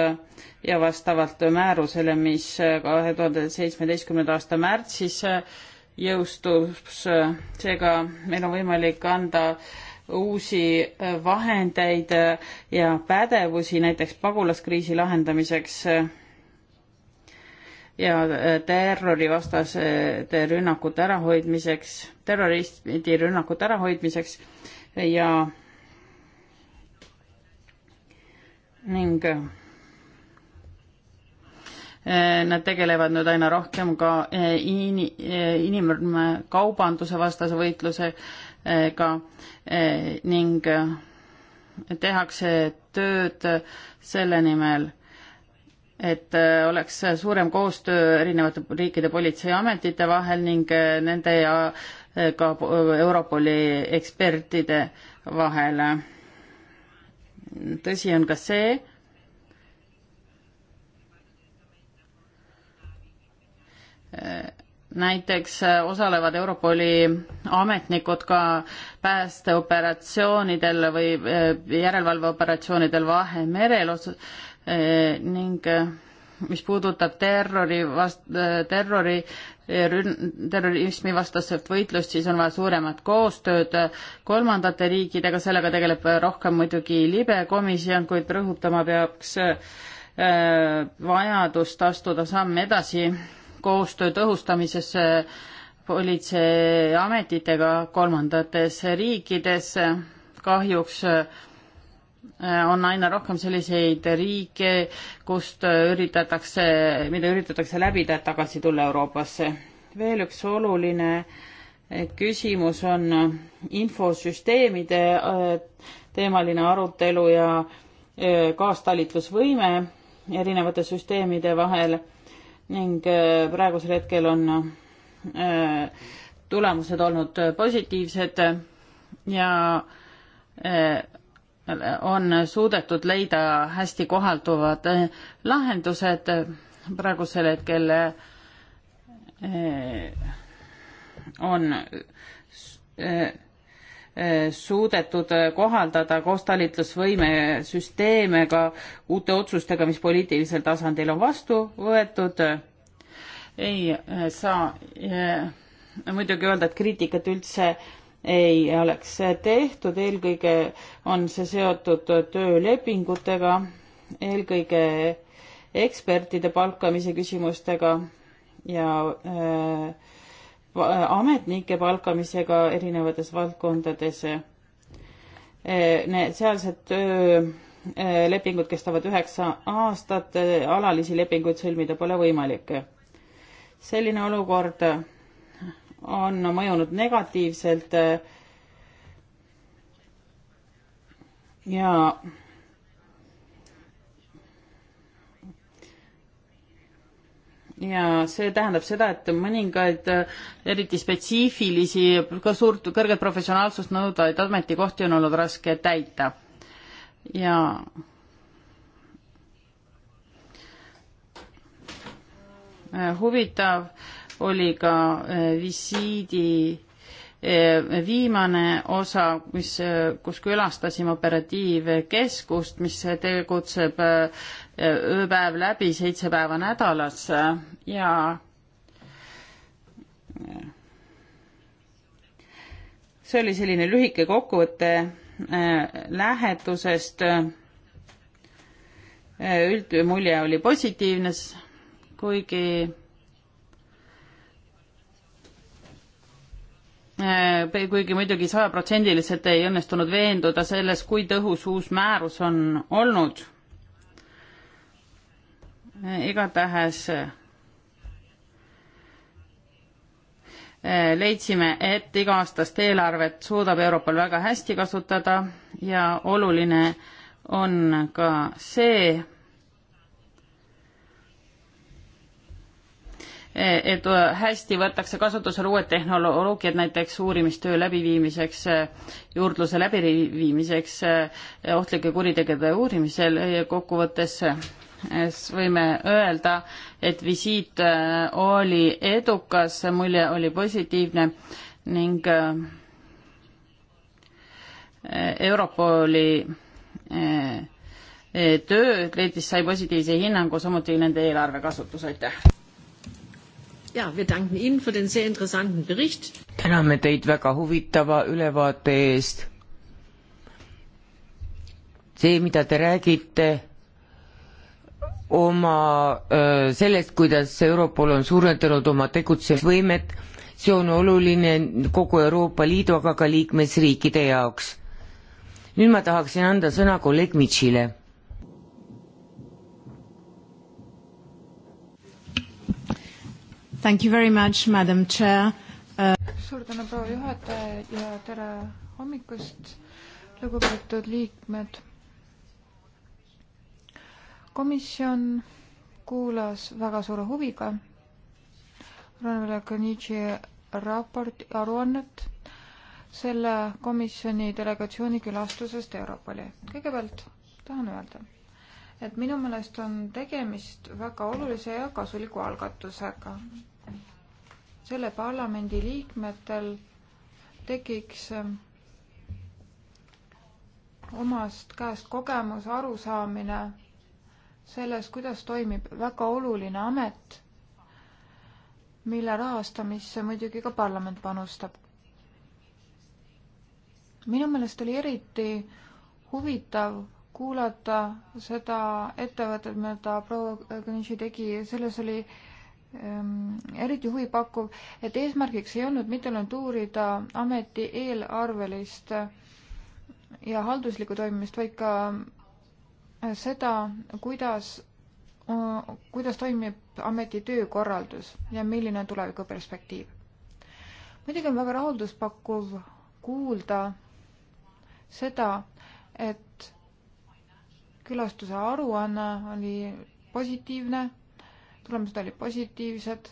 ja vastavalt määrusele, mis kahe tuhande seitsmeteistkümnenda aasta märtsis jõustus, seega meil on võimalik anda äh, uusi äh, vahendeid äh, ja pädevusi näiteks pagulaskriisi lahendamiseks äh, ja terrorivastaste rünnakute ärahoidmiseks, terroristi rünnakute ärahoidmiseks ja ning Nad tegelevad nüüd aina rohkem ka in-, inimkaubanduse vastase võitluse äh, ka eh, ning eh, tehakse tööd selle nimel, et eh, oleks suurem koostöö erinevate riikide politseiametite vahel ning nende ja ka Europoli ekspertide vahel. tõsi on ka see, et näiteks äh, osalevad Europoli ametnikud ka päästeoperatsioonidel või äh, järelevalveoperatsioonidel Vahemerel äh, ning mis puudutab terrori vast-, terrori rünn-, terrorismi vastaselt võitlust, siis on vaja suuremat koostööd kolmandate riikidega, sellega tegeleb rohkem muidugi libe komisjon, kuid rõhutama peaks vajadust astuda samm edasi koostöö tõhustamisesse politseiametitega kolmandates riikides. kahjuks äh, on aina rohkem selliseid riike, kust üritatakse, mida üritatakse läbida, et tagasi tulla Euroopasse. veel üks oluline äh, küsimus on äh, infosüsteemide teemaline arutelu ja kaastalitlusvõime erinevate süsteemide vahel ning äh, praegusel hetkel on äh, tulemused olnud positiivsed ja äh, on suudetud leida hästi kohalduvad lahendused praegusel hetkel on suudetud kohaldada koostalitlusvõime süsteeme ka uute otsustega, mis poliitilisel tasandil on vastu võetud. ei saa eh, muidugi öelda, et kriitikat üldse ei oleks tehtud, eelkõige on see seotud töölepingutega, eelkõige ekspertide palkamise küsimustega ja äh, ametnike palkamisega erinevates valdkondades. Eh, need sealsed töölepingud kestavad üheksa aastat, alalisi lepinguid sõlmida pole võimalik. selline olukord on mõjunud negatiivselt ja ja see tähendab seda, et mõningaid äh, eriti spetsiifilisi, ka suurt, kõrget professionaalsust nõudvaid ametikohti on olnud raske täita. ja äh, huvitav oli ka äh, visiidi viimane osa, mis, kus külastasime operatiivkeskust, mis tegutseb ööpäev läbi, seitse päeva nädalas ja see oli selline lühike kokkuvõte äh, lähetusest. Äh, üldmulje oli positiivne, kuigi äh, kuigi muidugi sajaprotsendiliselt ei õnnestunud veenduda selles, kui tõhus uus määrus on olnud igatahes eh, leidsime, et iga-aastast eelarvet suudab Euroopal väga hästi kasutada ja oluline on ka see, eh, et eh, hästi võetakse kasutusele uued tehnoloogiad näiteks uurimistöö läbiviimiseks, juurdluse läbiviimiseks, ohtlike kuritegude uurimisel kokkuvõttes võime öelda, et visiit äh, oli edukas, mulje oli positiivne ning äh, Europoli äh, töö leidis, sai positiivse hinnangu, samuti nende eelarve kasutus, aitäh! ja, wir danken Ihnen für den sehr interessanten Bericht. täname teid väga huvitava ülevaate eest. see, mida te räägite oma sellest, kuidas Europol on suurendanud oma tegutsemisvõimet, see on oluline kogu Euroopa Liidu, aga ka liikmesriikide jaoks. nüüd ma tahaksin anda sõna kolleeg Mitchile. Thank you very much, madam chair uh.... suur tänu, proua juhataja ja tere hommikust, lugupeetud liikmed komisjon kuulas väga suure huviga Ranvela Kanitši raport, aruannet selle komisjoni delegatsiooni külastusest Europoli. kõigepealt tahan öelda, et minu meelest on tegemist väga olulise ja kasuliku algatusega. selle parlamendi liikmetel tekiks ähm, omast käest kogemus, arusaamine selles, kuidas toimib väga oluline amet, mille rahastamisse muidugi ka parlament panustab. minu meelest oli eriti huvitav kuulata seda ettevõtet, mida proua Gönši tegi, selles oli ähm, eriti huvipakkuv, et eesmärgiks ei olnud mitte ainult uurida ameti eelarvelist ja halduslikku toimimist, vaid ka seda, kuidas, kuidas toimib ameti töökorraldus ja milline on tulevikuperspektiiv. muidugi on väga rahulduspakkuv kuulda seda, et külastuse aruanne oli positiivne, tulemused olid positiivsed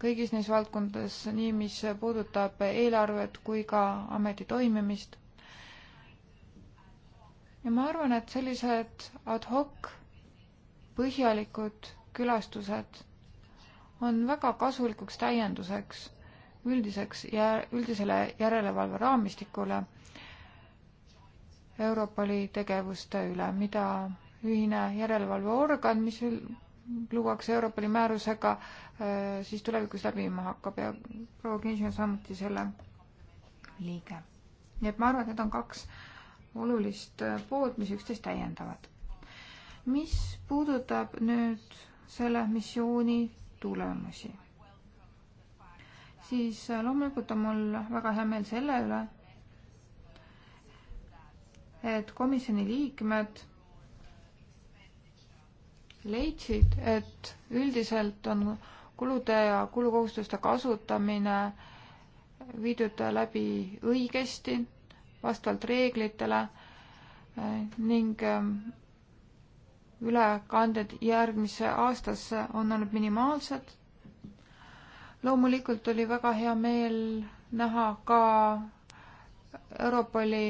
kõigis neis valdkondades, nii mis puudutab eelarvet kui ka ameti toimimist ja ma arvan, et sellised ad hoc põhjalikud külastused on väga kasulikuks täienduseks üldiseks ja üldisele järelevalve raamistikule Europoli tegevuste üle, mida ühine järelevalveorgan, mis luuakse Europoli määrusega, äh, siis tulevikus läbima hakkab ja proua Kinši on samuti selle liige. nii et ma arvan, et need on kaks äh, olulist äh, poolt, mis üksteist täiendavad. mis puudutab nüüd selle missiooni tulemusi, siis äh, loomulikult on mul väga hea meel selle üle, et komisjoni liikmed leidsid, et üldiselt on kulude ja kulukohustuste kasutamine viidud läbi õigesti vastavalt reeglitele eh, ning ehm, ülekanded järgmisse aastasse on olnud minimaalsed. loomulikult oli väga hea meel näha ka Europoli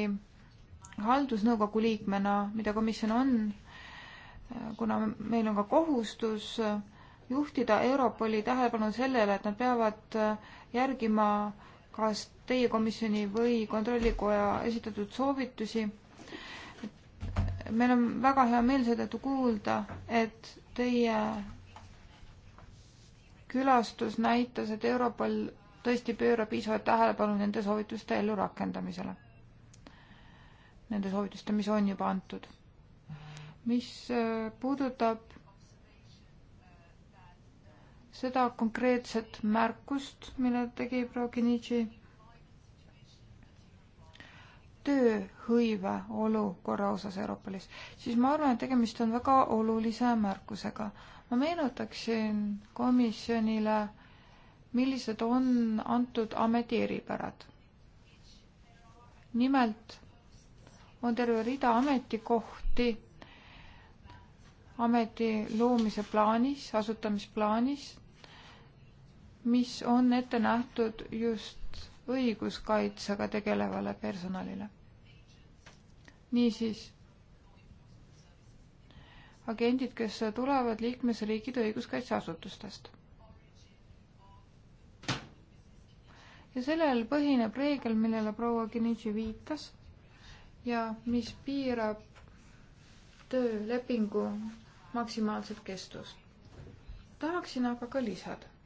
haldusnõukogu liikmena, mida komisjon on, eh, kuna meil on ka kohustus juhtida Europoli tähelepanu sellele, et nad peavad eh, järgima kas teie komisjoni või Kontrollikoja esitatud soovitusi. meil on väga hea meel seetõttu kuulda, et teie külastus näitas, et Europol tõesti pöörab piisavalt tähelepanu nende soovituste ellurakendamisele. Nende soovituste, mis on juba antud. mis äh, puudutab seda konkreetset märkust, mille tegi proua Kinichi, tööhõive olukorra osas Euroopalis, siis ma arvan, et tegemist on väga olulise märkusega. ma meenutaksin komisjonile, millised on antud ameti eripärad. nimelt on terve rida ametikohti ameti loomise plaanis, asutamisplaanis, mis on ette nähtud just õiguskaitsega tegelevale personalile niisiis, agendid, kes tulevad liikmesriigid õiguskaitseasutustest. ja sellel põhineb reegel, millele proua Kinnitši viitas ja mis piirab töölepingu maksimaalset kestust. tahaksin aga ka lisada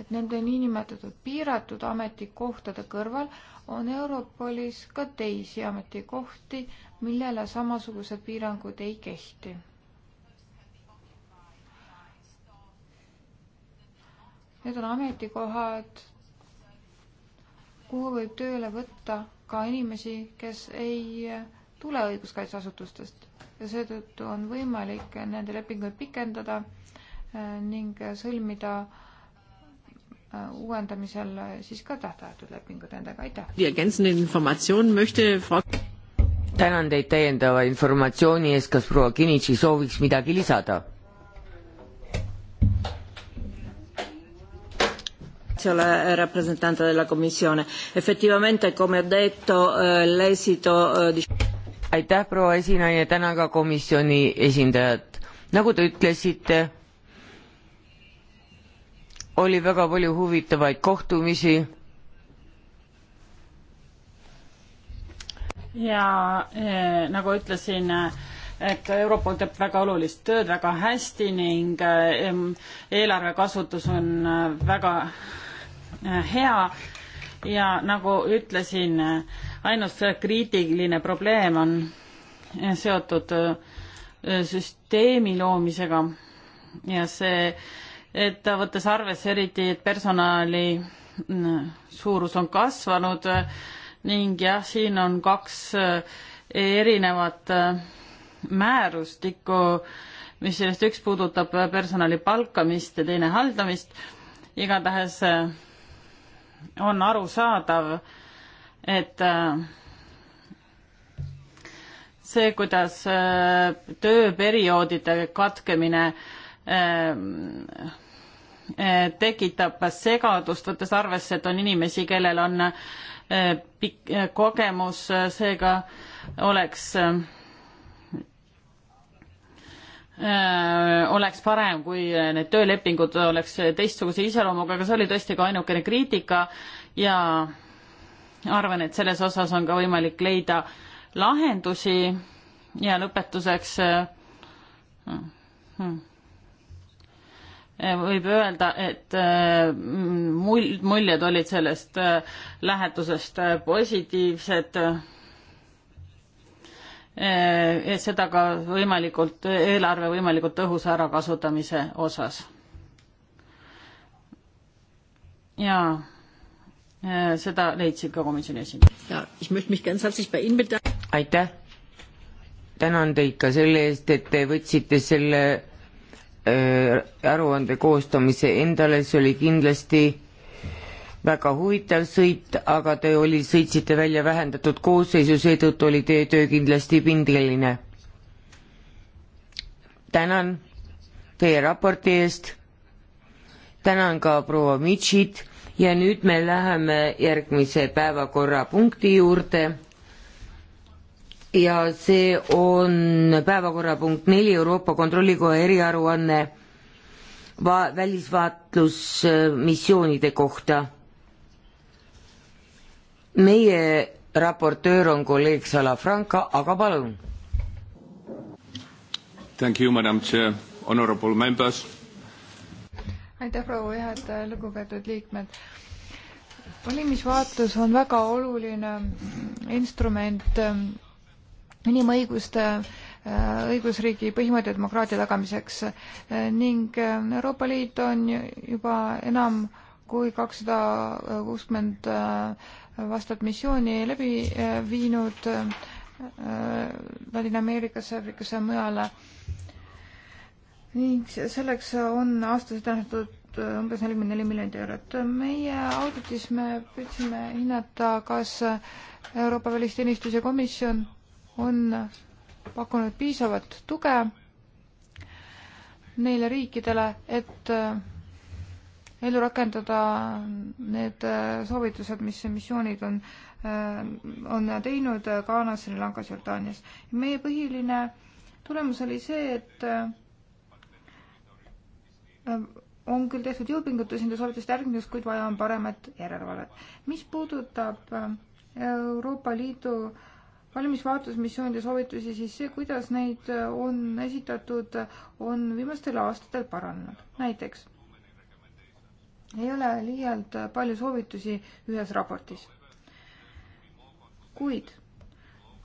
et nende niinimetatud piiratud ametikohtade kõrval on Europolis ka teisi ametikohti, millele samasugused piirangud ei kehti. Need on ametikohad, kuhu võib tööle võtta ka inimesi, kes ei tule õiguskaitseasutustest ja seetõttu on võimalik nende lepinguid pikendada eh, ning sõlmida äh, Äh, uuendamisel äh, siis ka tähtajatud lepingud endaga, aitäh! tänan teid täiendava informatsiooni eest, kas proua Kinitši sooviks midagi lisada? ringrazio la rappresentante della Commissione. Effettivamente, come ho detto, eh, l'esito eh, di... aitäh, proua esinaine, tänan ka komisjoni esindajat. nagu te ütlesite, oli väga palju huvitavaid kohtumisi. ja eh, nagu ütlesin, et Europol teeb väga olulist tööd väga hästi ning eh, eelarve kasutus on väga eh, hea ja nagu ütlesin, ainus kriitiline probleem on eh, seotud eh, süsteemi loomisega ja see eh, et võttes arvesse eriti, et personali mm, suurus on kasvanud äh, ning jah, siin on kaks äh, erinevat äh, määrustikku, mis sellest üks puudutab personali palkamist ja teine haldamist. igatahes on arusaadav, et see, kuidas tööperioodide katkemine Eh, tekitab segadust, võttes arvesse, et on inimesi, kellel on eh, pikk eh, kogemus, seega oleks oleks parem, kui need töölepingud oleks teistsuguse iseloomuga, aga see oli tõesti ka ainukene kriitika ja arvan, et selles osas on ka võimalik leida lahendusi ja lõpetuseks hmm, hmm. Eh, võib öelda, et eh, mul-, muljed olid sellest eh, lähetusest positiivsed. seda ka võimalikult, eelarve võimalikult tõhusa ärakasutamise osas. jaa, seda leidsid ka komisjoni esindajad. aitäh, tänan teid ka selle eest, et te võtsite selle Äh, aruande koostamise endale, see oli kindlasti väga huvitav sõit, aga te oli, sõitsite välja vähendatud koosseisu, seetõttu oli teie töö kindlasti pindeline. tänan teie raporti eest, tänan ka proua Mitšit ja nüüd me läheme järgmise päevakorrapunkti juurde ja see on päevakorrapunkt neli Euroopa Kontrollikoja eriaruanne va-, välisvaatlusmissioonide kohta. meie raportöör on kolleeg Salafranca, aga palun. Thank you, madam chair, honorable members. aitäh, proua juhataja, lugupeetud liikmed valimisvaatlus on väga oluline instrument inimõiguste äh, õigusriigi põhimõtte demokraatia tagamiseks äh, ning äh, Euroopa Liit on juba enam kui kakssada kuuskümmend vastavat missiooni läbi viinud Ladina-Ameerikasse, Aafrikasse ja mujale. ning selleks on aastas tähendatud umbes nelikümmend neli miljonit eurot. meie auditis me püüdsime hinnata, kas Euroopa Välisteenistus ja komisjon on pakkunud piisavat tuge neile riikidele, et äh, ellu rakendada need äh, soovitused, mis missioonid on, äh, on teinud Ghanas, Sri Lankas, Jordaanias. meie põhiline tulemus oli see, et on küll tehtud jõupingutusi nende soovituste järgimiseks, kuid vaja on paremat järelevalvet. mis puudutab Euroopa Liidu äh, valmisvaatlusmissioonide soovitusi, siis see, kuidas neid äh, on esitatud, on viimastel aastatel paranenud. näiteks ei ole liialt äh, palju soovitusi ühes raportis. kuid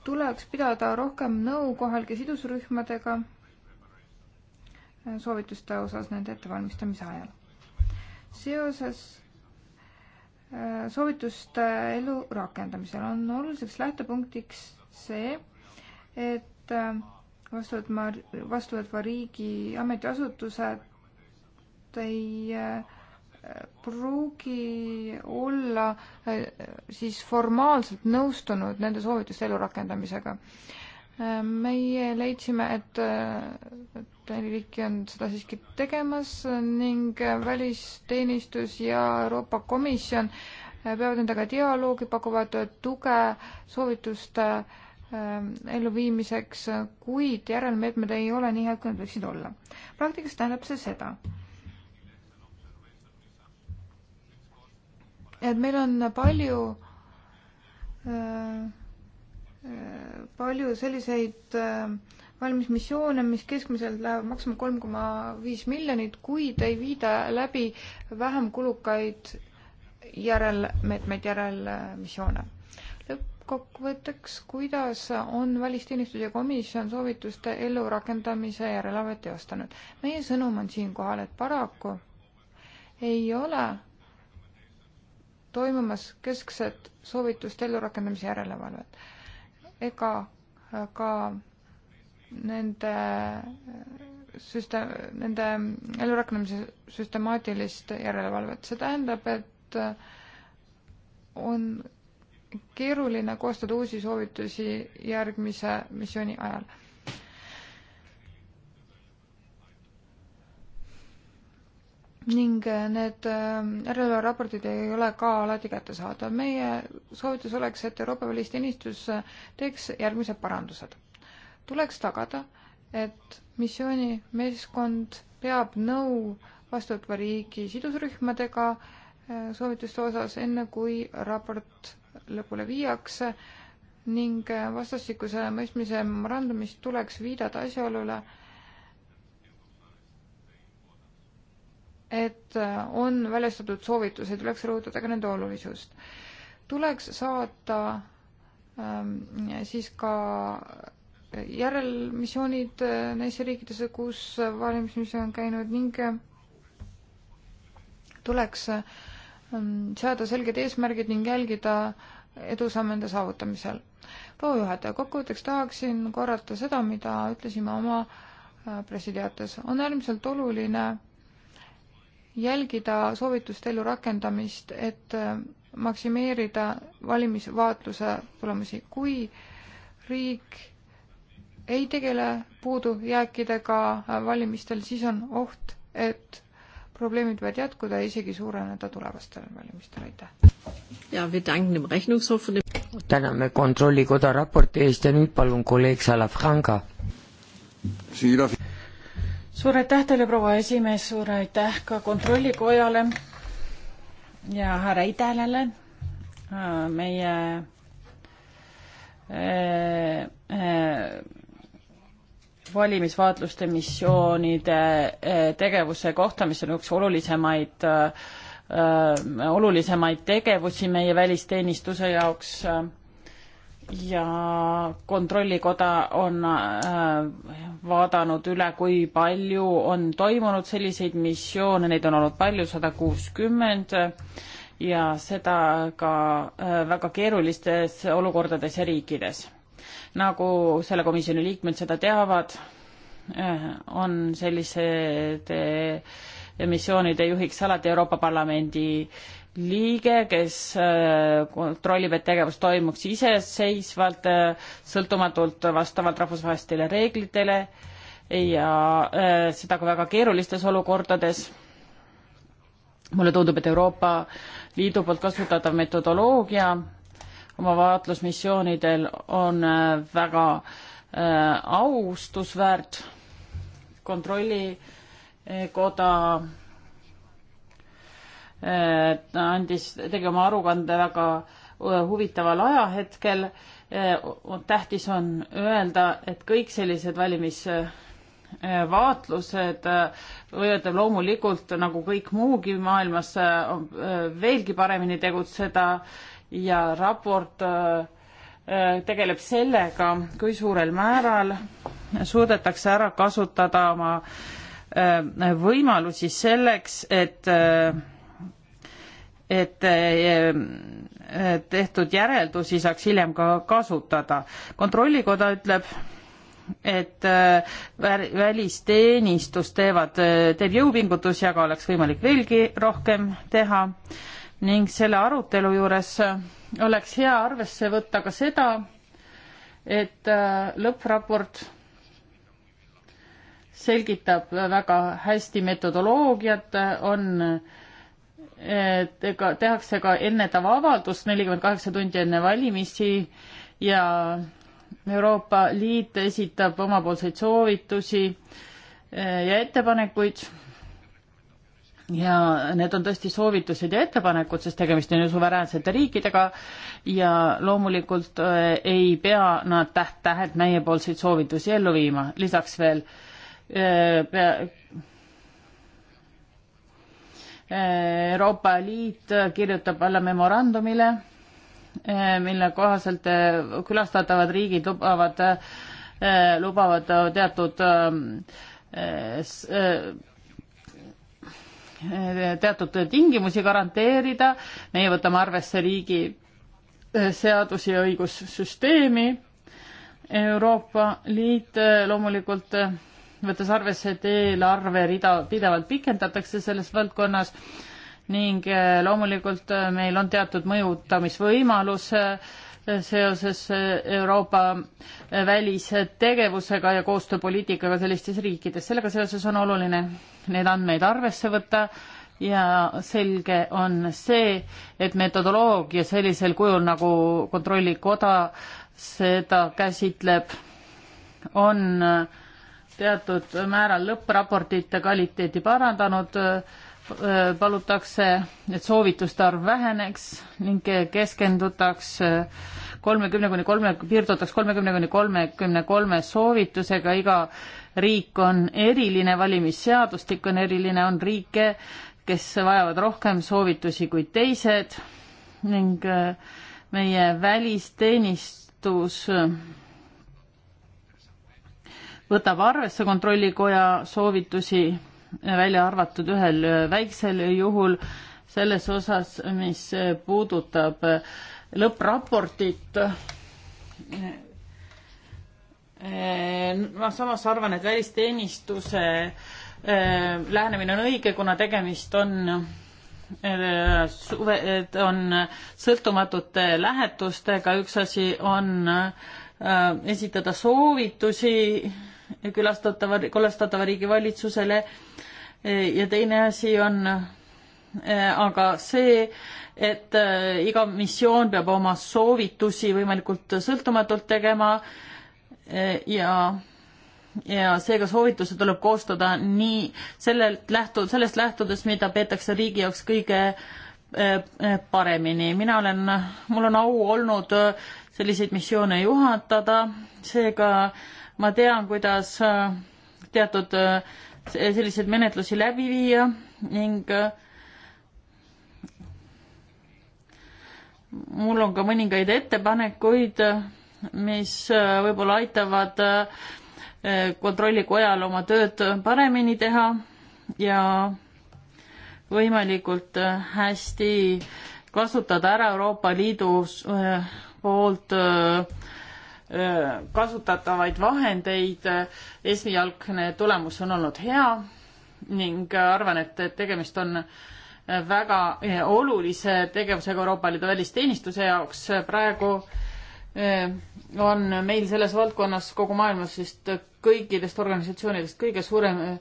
tuleks pidada rohkem nõu kohalike sidusrühmadega äh, soovituste osas nende ettevalmistamise ajal. seoses soovituste elu rakendamisel on oluliseks lähtepunktiks see, et vastuvõtma, äh, vastuvõtva riigi ametiasutused ei äh, pruugi olla äh, siis formaalselt nõustunud nende soovituste elurakendamisega. meie leidsime, et, et neli riiki on seda siiski tegemas ning välisteenistus ja Euroopa Komisjon äh, peavad endaga dialoogi, pakuvad tuge soovituste ähm, elluviimiseks, kuid järelmeetmed ei ole nii head, kui nad võiksid olla. praktikas tähendab see seda, et meil on palju äh, äh, palju selliseid äh, valmismissioone, mis keskmiselt lähevad maksma kolm koma viis miljonit, kuid ei viida läbi vähem kulukaid järelmeetmeid, järelmissioone. Äh, lõppkokkuvõtteks, kuidas on Välisteenistuse komisjon soovituste ellurakendamise järelevalvet teostanud? meie sõnum on siinkohal, et paraku ei ole toimumas keskset soovituste ellurakendamise järelevalvet ega äh, ka nende äh, süste-, nende ellurakendamise süstemaatilist järelevalvet. see tähendab, et et äh, on keeruline koostada uusi soovitusi järgmise missiooni ajal ning äh, need äh, järelevalveraportid ei ole ka alati kättesaadavad. meie soovitus oleks, et Euroopa Välisteenistus teeks järgmised parandused. tuleks tagada, et missiooni meeskond peab nõu vastuvõtva riigi sidusrühmadega äh, soovituste osas, enne kui raport lõpule viiakse ning vastastikuse mõistmise memorandumist tuleks viidata asjaolule, et on väljastatud soovitused, tuleks rõhutada ka nende olulisust. tuleks saata ähm, siis ka järelmissioonid äh, neisse riikidesse, kus valimismissioon on käinud ning äh, tuleks äh, Ähm, seada selged eesmärgid ning jälgida edusamme nende saavutamisel. proua juhataja, kokkuvõtteks tahaksin korrata seda, mida ütlesime oma äh, pressideates. on äärmiselt oluline jälgida soovituste ellu rakendamist, et äh, maksimeerida valimisvaatluse tulemusi. kui riik ei tegele puudujääkidega äh, valimistel, siis on oht, et probleemid võivad jätkuda ja isegi suureneda tulevastel valimistel, aitäh! täname Kontrollikoda raporti eest ja nüüd palun kolleeg Salafranca. suur aitäh teile, proua esimees, suur aitäh ka Kontrollikojale ja härra Idelele, äh, meie äh, äh, valimisvaatluste missioonide eh, tegevuse kohta, mis on üks olulisemaid, eh, eh, olulisemaid tegevusi meie välisteenistuse jaoks ja Kontrollikoda on vaadanud üle, kui palju on toimunud selliseid missioone, neid on olnud palju, sada kuuskümmend, ja seda ka väga keerulistes olukordades ja riikides nagu selle komisjoni liikmed seda teavad, eh, on sellised eh, missioonide juhiks alati Euroopa Parlamendi liige, kes eh, kontrollib, et tegevus toimuks iseseisvalt, sõltumatult vastavalt rahvusvahelistele reeglitele ja seda ka väga keerulistes olukordades. mulle tundub, et Euroopa Liidu poolt kasutatav metodoloogia oma vaatlusmissioonidel on äh, väga äh, austusväärt. kontrollikoda äh, andis, tegi oma arukande väga huvitaval ajahetkel. tähtis on öelda, et kõik sellised valimis vaatlused võivad loomulikult nagu kõik muugi maailmas veelgi paremini tegutseda ja raport äh, äh, tegeleb sellega, kui suurel määral suudetakse ära kasutada oma äh, võimalusi selleks, et et tehtud järeldusi saaks hiljem ka kasutada. kontrollikoda ütleb, et välisteenistus teevad, teeb jõupingutusi, aga oleks võimalik veelgi rohkem teha ning selle arutelu juures äh, oleks hea arvesse võtta ka seda, et äh, lõppraport selgitab äh, väga hästi metodoloogiat, on, ega tehakse ka ennetav avaldus nelikümmend kaheksa tundi enne valimisi ja Euroopa Liit esitab omapoolseid soovitusi ja ettepanekuid ja need on tõesti soovitused ja ettepanekud, sest tegemist on ju suveräänsete riikidega ja loomulikult äh, ei pea nad täht-tähelt meiepoolseid soovitusi ellu viima, lisaks veel äh, pea, äh, Euroopa Liit kirjutab alla memorandumile, äh, mille kohaselt äh, külastatavad riigid lubavad, äh, lubavad teatud teatud tingimusi garanteerida, meie võtame arvesse riigi eh, seadusi ja õigussüsteemi. Euroopa Liit eh, loomulikult, eh, võttes arvesse, et eelarverida pidevalt pikendatakse selles valdkonnas ning loomulikult meil on teatud mõjutamisvõimalus äh, seoses Euroopa välistegevusega ja koostööpoliitikaga sellistes riikides. sellega seoses on oluline neid andmeid arvesse võtta ja selge on see, et metodoloogia sellisel kujul, nagu Kontrollikoda seda käsitleb, on teatud määral lõppraportite kvaliteeti parandanud äh, Äh, palutakse, et soovituste arv väheneks ning keskendutaks äh, kolmekümne kuni kolme, piirdutaks kolmekümne kuni kolmekümne kolme soovitusega, iga riik on eriline, valimisseadustik on eriline, on riike, kes vajavad rohkem soovitusi kui teised ning äh, meie välisteenistus võtab arvesse Kontrollikoja soovitusi välja arvatud ühel äh, väiksel juhul selles osas, mis äh, puudutab äh, lõppraportit. ma samas arvan, et välisteenistuse lähenemine on õige, kuna tegemist on suve, on sõltumatute lähetustega, üks asi on esitada soovitusi külastatava, külastatava riigi valitsusele e, ja teine asi on e, aga see, et e, iga missioon peab oma soovitusi võimalikult sõltumatult tegema ja ja seega soovituse tuleb koostada nii sellelt lähtu-, sellest lähtudes, mida peetakse riigi jaoks kõige paremini. mina olen, mul on au olnud selliseid missioone juhatada, seega ma tean, kuidas äh, teatud äh, selliseid menetlusi läbi viia ning äh, mul on ka mõningaid ettepanekuid, mis võib-olla aitavad kontrollikojal oma tööd paremini teha ja võimalikult hästi kasutada ära Euroopa Liidus poolt äh, kasutatavaid vahendeid. esialgne tulemus on olnud hea ning arvan, et tegemist on väga olulise tegevusega Euroopa Liidu välisteenistuse jaoks. praegu on meil selles valdkonnas kogu maailmas vist kõikidest organisatsioonidest kõige suurem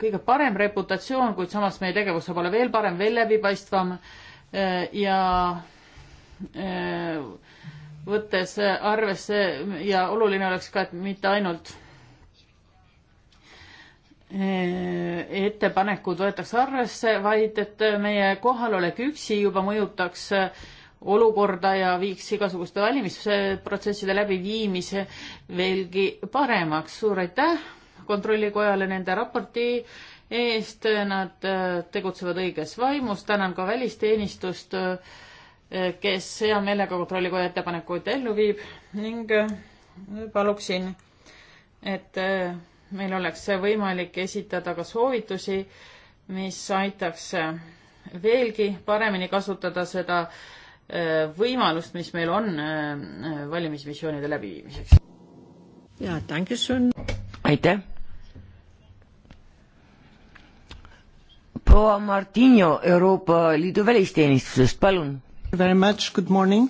kõige parem reputatsioon, kuid samas meie tegevus saab olla veel parem, veel läbipaistvam ja võttes arvesse ja oluline oleks ka, et mitte ainult eh, ettepanekud võetakse arvesse, vaid et meie kohalolek üksi juba mõjutaks olukorda ja viiks igasuguste valimisprotsesside läbiviimise veelgi paremaks. suur aitäh kontrollikojale nende raporti eest, nad tegutsevad õiges vaimus, tänan ka välisteenistust äh, kes hea meelega kontrollikoja ettepanekuid ellu viib ning äh, paluksin, et äh, meil oleks võimalik esitada ka soovitusi, mis aitaks äh, veelgi paremini kasutada seda võimalust, mis meil on valimismissioonide läbiviimiseks. ja, aitäh. proua Martinho Euroopa Liidu välisteenistusest, palun Very much, good morning.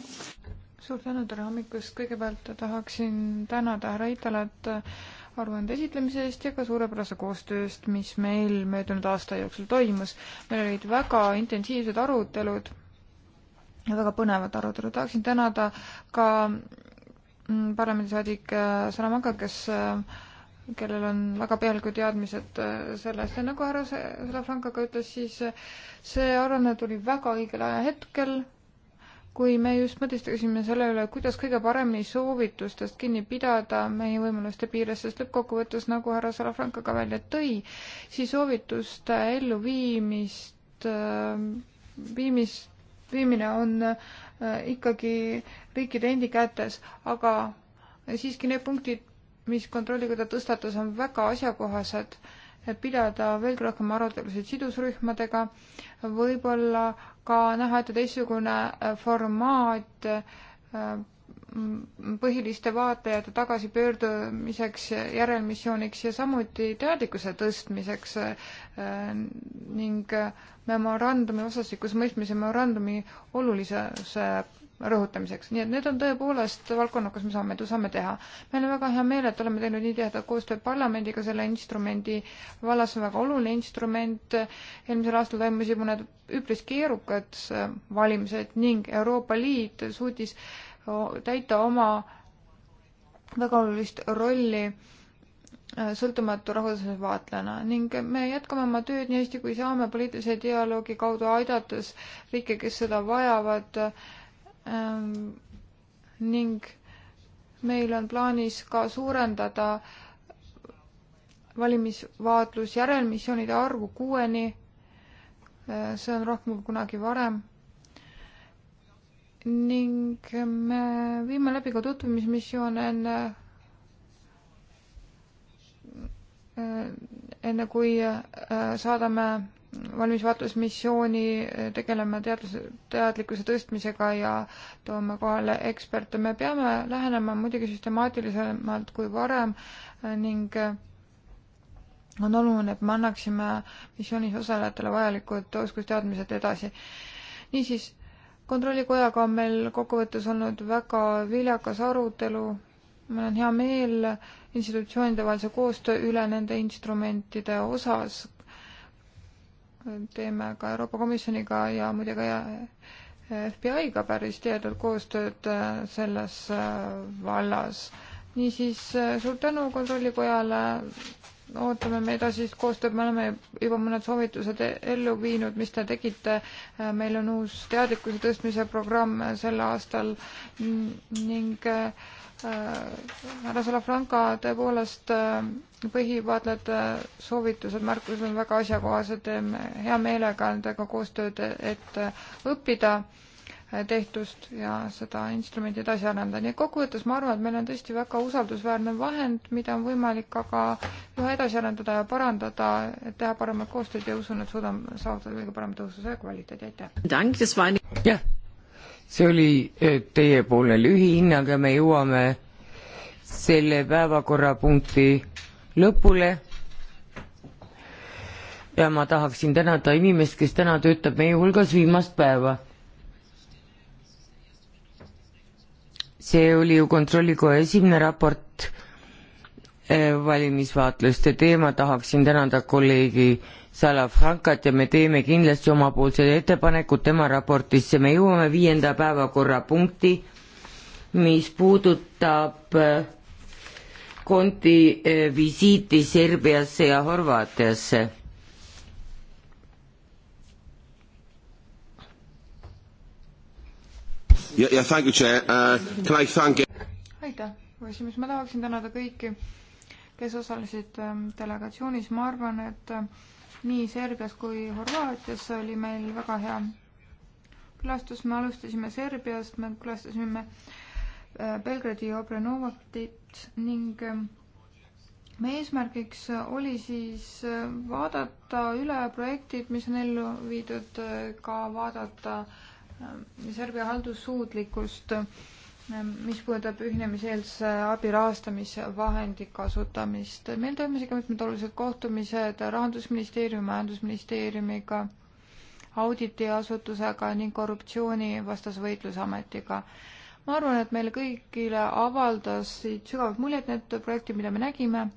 suur tänu, tere hommikust, kõigepealt tahaksin tänada härra Italat äh, aruande esitlemise eest ja ka suurepärase koostöö eest, mis meil möödunud aasta jooksul toimus. meil olid väga intensiivsed arutelud ja väga põnevad arutelud. tahaksin tänada ka mm, parlamendisaadik äh, Salamanga, kes äh, kellel on väga pealikud teadmised sellest ja nagu härra Salafrankaga ütles, siis see aruanne tuli väga õigel ajahetkel kui me just mõtistaksime selle üle, kuidas kõige paremini soovitustest kinni pidada meie võimaluste piires, sest lõppkokkuvõttes, nagu härra Salafranca ka välja tõi, siis soovituste elluviimist, äh, viimist, viimine on äh, ikkagi riikide endi kätes, aga siiski need punktid, mis kontrollikoda tõstatas, on väga asjakohased, et pidada veelgi rohkem arutelusid sidusrühmadega, võib-olla ka näha ette teistsugune äh, formaat äh, põhiliste vaatajate tagasipöördumiseks, järelmissiooniks ja samuti teadlikkuse tõstmiseks äh, ning memorandumi, vastastikuse mõistmise memorandumi olulisuse rõhutamiseks. nii et need on tõepoolest valdkonnad, kus me saame, saame teha. meil on väga hea meel, et oleme teinud nii tihedat koostööd parlamendiga selle instrumendi vallas, on väga oluline instrument. eelmisel aastal toimusid mõned üpris keerukad äh, valimised ning Euroopa Liit suutis täita oma väga olulist rolli äh, sõltumatu rahvusvahelise vaatlejana ning me jätkame oma tööd nii hästi kui saame poliitilise dialoogi kaudu aidates riike, kes seda vajavad äh, ähm, ning meil on plaanis ka suurendada valimisvaatlusjärelmissioonide arvu kuueni. Äh, see on rohkem kui kunagi varem. ning me viime läbi ka tutvumismissioone enne, äh, enne kui äh, saadame valmisvaatlusmissiooni, tegeleme teadus, teadlikkuse tõstmisega ja toome kohale eksperte. me peame lähenema muidugi süstemaatilisemalt kui varem ning on oluline, et me annaksime missioonis osalejatele vajalikud oskusteadmised edasi. niisiis, kontrollikojaga on meil kokkuvõttes olnud väga viljakas arutelu mul on hea meel institutsioonide vahelise koostöö üle nende instrumentide osas, teeme ka Euroopa Komisjoniga ja muide ka eh, FBI-ga päris tihedalt koostööd eh, selles eh, vallas. niisiis suur tänu Kontrollikojale, ootame me edasist koostööd, me oleme juba mõned soovitused ellu viinud, mis te tegite. meil on uus teadlikkuse tõstmise programm sel aastal mm, ning äh, Äh, härra Salafranca, tõepoolest äh, põhivaatlejate soovitused, märkused on väga asjakohased, teeme hea meelega nendega koostööd, et äh, õppida tehtust ja seda instrumenti edasi arendada. nii et kokkuvõttes ma arvan, et meil on tõesti väga usaldusväärne vahend, mida on võimalik aga üha edasi arendada ja parandada, teha paremat koostööd ja usun, et suudame saavutada kõige parema tõhususe ja kvaliteedi, aitäh! jah, see oli äh, teiepoolne lühihinnang ja me jõuame selle päevakorrapunkti lõpule. ja ma tahaksin tänada inimest, kes täna töötab meie hulgas viimast päeva. see oli ju Kontrollikoja esimene raport äh, valimisvaatluste teema, tahaksin tänada kolleegi Salafrankat ja me teeme kindlasti omapoolsed ettepanekud tema raportisse, me jõuame viienda päevakorrapunkti, mis puudutab äh, Konti äh, visiiti Serbiasse ja Horvaatiasse. ja, ja thank you, chair uh,, can I thank you? aitäh, esimees, ma tahaksin tänada kõiki, kes osalesid ähm, delegatsioonis, ma arvan, et äh, nii Serbias kui Horvaatias oli meil väga hea külastus, me alustasime Serbiast, me külastasime äh, Belgradi Obrenovatit ning äh, meie eesmärgiks oli siis äh, vaadata üle projektid, mis on ellu viidud, ka vaadata Serbia haldussuutlikkust äh, mis puudutab ühinemiseelse abi rahastamisvahendi kasutamist. meil toimusid ka mitmed olulised kohtumised Rahandusministeeriumi, Majandusministeeriumiga, auditiasutusega ning korruptsioonivastase võitlusametiga. ma arvan, et meile kõigile avaldasid sügavat muljet need projektid, mida me nägime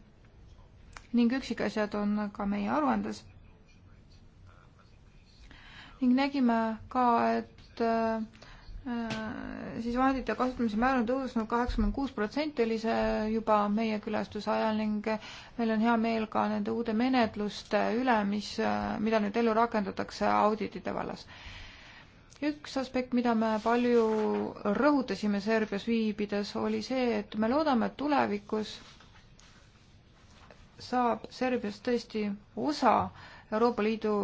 ning üksikasjad on ka meie aruandes. ning nägime ka, et äh, Äh, siis vahendite kasutamise määr on tõusnud kaheksakümmend kuus protsenti, oli see juba meie külastuse ajal ning äh, meil on hea meel ka nende uude menetluste üle, mis, äh, mida nüüd ellu rakendatakse auditite vallas. üks aspekt, mida me palju rõhutasime Serbias viibides, oli see, et me loodame, et tulevikus saab Serbiast tõesti osa Euroopa Liidu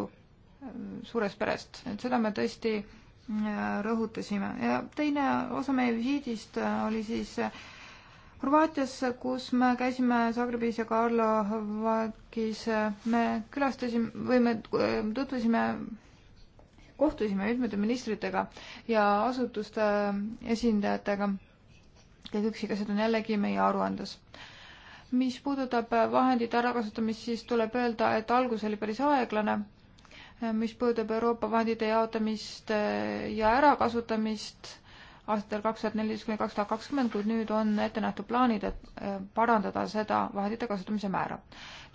suurest perest, et seda me tõesti Äh, rõhutasime. ja teine osa meie visiidist äh, oli siis äh, Horvaatias, kus me käisime Zagrebis ja Karlovakis, me külastasime või me tutvusime, kohtusime mitmete ministritega ja asutuste esindajatega, kes üksikasjad on jällegi meie aruandes mis puudutab vahendite ärakasutamist, siis tuleb öelda, et algus oli päris aeglane Äh, mis puudutab Euroopa vahendite jaotamist äh, ja ärakasutamist aastatel kaks tuhat neliteist kuni kaks tuhat kakskümmend, kuid nüüd on ette nähtud plaanid, et äh, parandada seda vahendite kasutamise määra.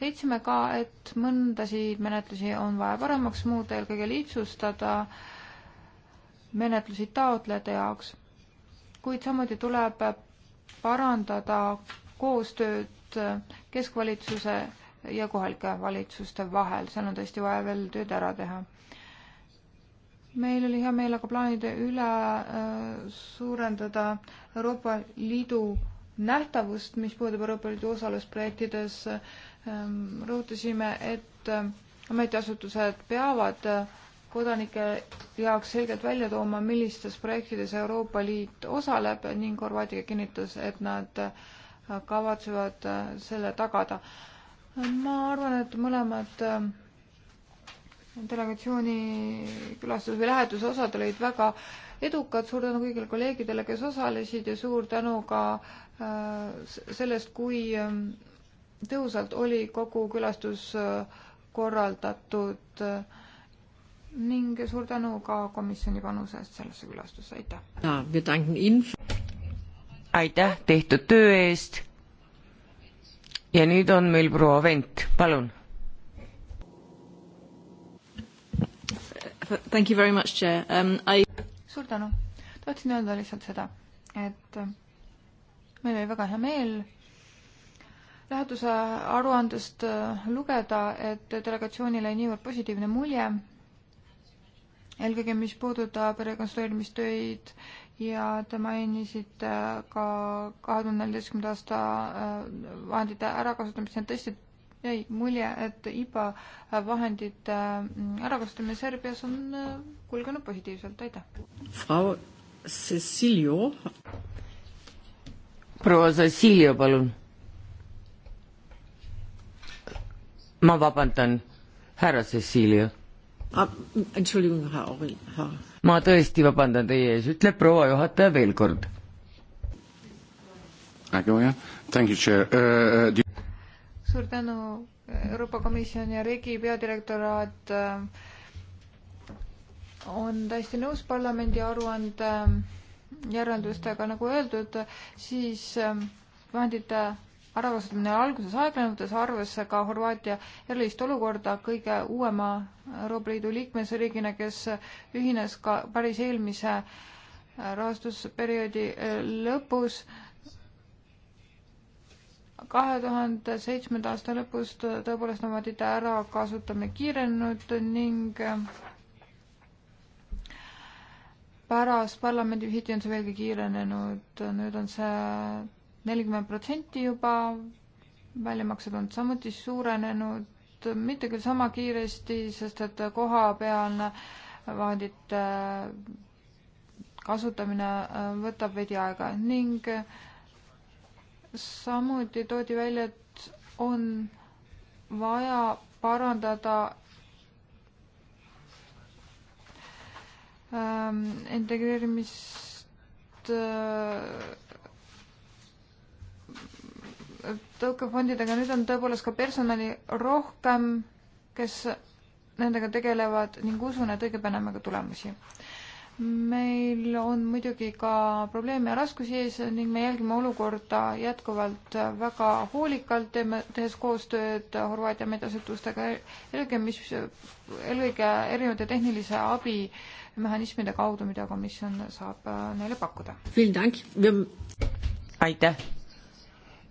leidsime ka, et mõndasid menetlusi on vaja paremaks muuta, eelkõige lihtsustada menetlusi taotlejate jaoks, kuid samuti tuleb parandada koostööd keskvalitsuse ja kohalike valitsuste vahel, seal on tõesti vaja veel tööd ära teha. meil oli hea meel aga plaanide üle äh, suurendada Euroopa Liidu nähtavust, mis puudutab Euroopa Liidu osalusprojektides, ähm, rõhutasime, et äh, ametiasutused peavad äh, kodanike jaoks selgelt välja tooma, millistes projektides Euroopa Liit osaleb ning Horvaatia kinnitas, et nad kavatsevad selle tagada ma arvan, et mõlemad ähm, delegatsiooni külastus või lähetuse osad olid väga edukad, suur tänu kõigile kolleegidele, kes osalesid ja suur tänu ka äh, sellest, kui ähm, tõhusalt oli kogu külastus äh, korraldatud äh, ning suur tänu ka komisjoni panuse eest sellesse külastusse, aitäh! aitäh tehtud töö eest ja nüüd on meil proua Vent, palun. Thank you very much, Chair um,. I... suur tänu. tahtsin öelda lihtsalt seda, et äh, meil oli väga hea meel lähetuse aruandest äh, lugeda, et delegatsioonile niivõrd positiivne mulje, eelkõige mis puudutab rekonstrueerimistöid ja te mainisite ka kahe tuhande neljateistkümnenda aasta äh, vahendite ärakasutamist, see on tõesti jäi mulje, et IBA vahendite äh, ärakasutamine Serbias on äh, kulgenud positiivselt, aitäh. Frau Cecilio. proua Cecilio, palun. ma vabandan, härra Cecilio Ah, ma tõesti vabandan teie ees, ütleb proua juhataja veel kord. Uh, uh, suur tänu, eh, Euroopa Komisjon ja riigi peadirektoraat eh, on täiesti nõus parlamendi aruande eh, järeldustega, nagu öeldud, siis vahendite ärakasutamine alguses aeglane, võttes arvesse ka Horvaatia erilist olukorda kõige uuema Euroopa Liidu liikmesriigina, kes ühines ka päris eelmise äh, rahastusperioodi äh, lõpus. kahe tuhande seitsmenda aasta lõpus äh, tõepoolest on vaadite ärakasutamine kiirenenud ning pärast parlamendi visiiti on see veelgi kiirenenud, nüüd on see nelikümmend protsenti juba, väljamaksed on samuti suurenenud, mitte küll sama kiiresti, sest et kohapealne vahendite kasutamine äh, võtab veidi aega ning samuti toodi välja, et on vaja parandada ähm, integreerimist äh, tõukefondidega, nüüd on tõepoolest ka personali rohkem, kes nendega tegelevad ning usun, et õige pea näeme ka tulemusi. meil on muidugi ka probleeme ja raskusi ees ning me jälgime olukorda jätkuvalt väga hoolikalt, teeme, tehes koostööd Horvaatia meediasutustega, eelkõige mis, eelkõige erinevate tehnilise abi mehhanismide kaudu, mida komisjon saab äh, neile pakkuda. aitäh!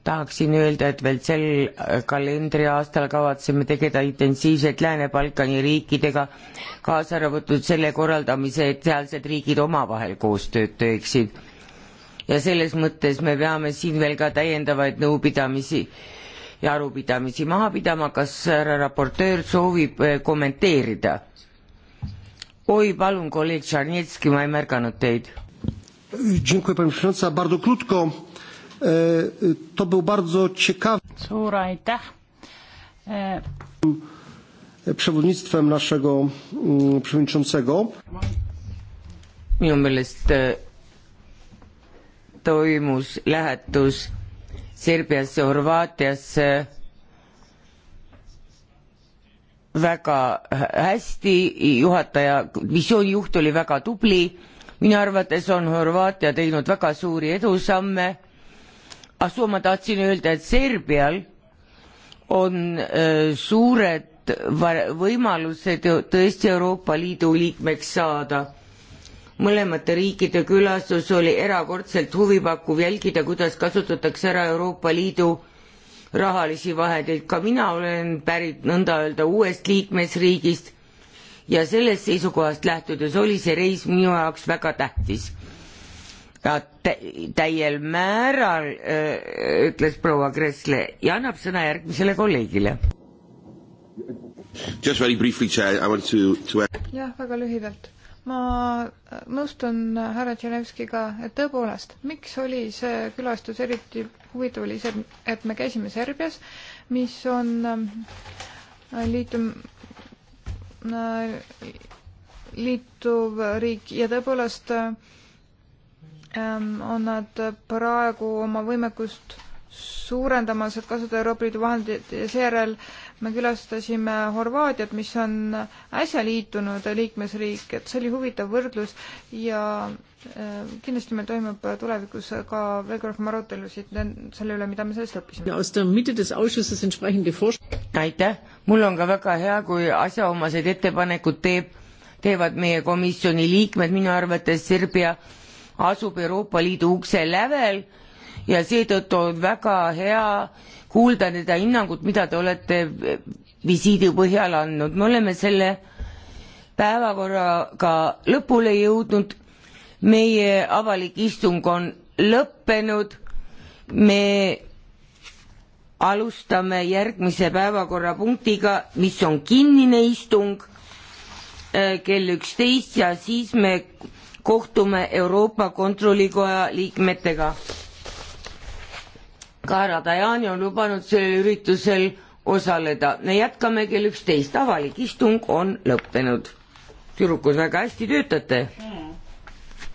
tahaksin öelda, et veel sel kalendriaastal kavatseme tegeleda intensiivselt Lääne-Balkani riikidega, kaasa arvatud selle korraldamise, et sealsed riigid omavahel koostööd teeksid. ja selles mõttes me peame siin veel ka täiendavaid nõupidamisi ja arupidamisi maha pidama, kas härra raportöör soovib eh, kommenteerida? oi, palun, kolleeg Tšarnetski, ma ei märganud teid. Dziękuję, pani przewodnicząca, bardzo krótko To był bardzo ciekawy. Suur aitäh. E, przewodnictwem naszego mm, przewodniczącego. Minu meelest e, toimus lähetus Serbiasse, Horvaatiasse väga hästi, juhataja, missioonijuht oli väga tubli, minu arvates on Horvaatia teinud väga suuri edusamme asu ma tahtsin öelda, et Serbial on öö, äh, suured võimalused tõesti Euroopa Liidu liikmeks saada. mõlemate riikide külastus oli erakordselt huvipakkuv jälgida, kuidas kasutatakse ära Euroopa Liidu rahalisi vahendeid, ka mina olen pärit nõnda öelda uuest liikmesriigist ja sellest seisukohast lähtudes oli see reis minu jaoks väga tähtis Nad täiel määral, ütles proua Kressle ja annab sõna järgmisele kolleegile. Just very briefly, Chair, I want to, to jah, väga lühidalt. ma äh, nõustun härra Tšernevskiga, et tõepoolest, miks oli see külastus eriti huvitav, oli see, et me käisime Serbias, mis on äh, liitum-, äh, liituv riik ja tõepoolest äh, Ähm, on nad praegu oma võimekust suurendamas, et kasutada Euroopa Liidu vahendeid ja seejärel me külastasime Horvaatiat, mis on äsja liitunud liikmesriik, et see oli huvitav võrdlus ja äh, kindlasti meil toimub tulevikus ka veelgi rohkem arutelusid selle üle, mida me sellest õppisime. aitäh, mul on ka väga hea, kui asjaomased ettepanekud teeb, teevad meie komisjoni liikmed, minu arvates Serbia asub Euroopa Liidu ukse lävel ja seetõttu on väga hea kuulda nende hinnangut, mida te olete visiidi põhjal andnud. me oleme selle päevakorraga lõpule jõudnud, meie avalik istung on lõppenud, me alustame järgmise päevakorrapunktiga, mis on kinnine istung eh, kell üksteist ja siis me kohtume Euroopa Kontrollikoja liikmetega. Kaara Dajani on lubanud sellel üritusel osaleda. me jätkame kell üksteist, avalik istung on lõppenud. tüdrukud, väga hästi töötate mm..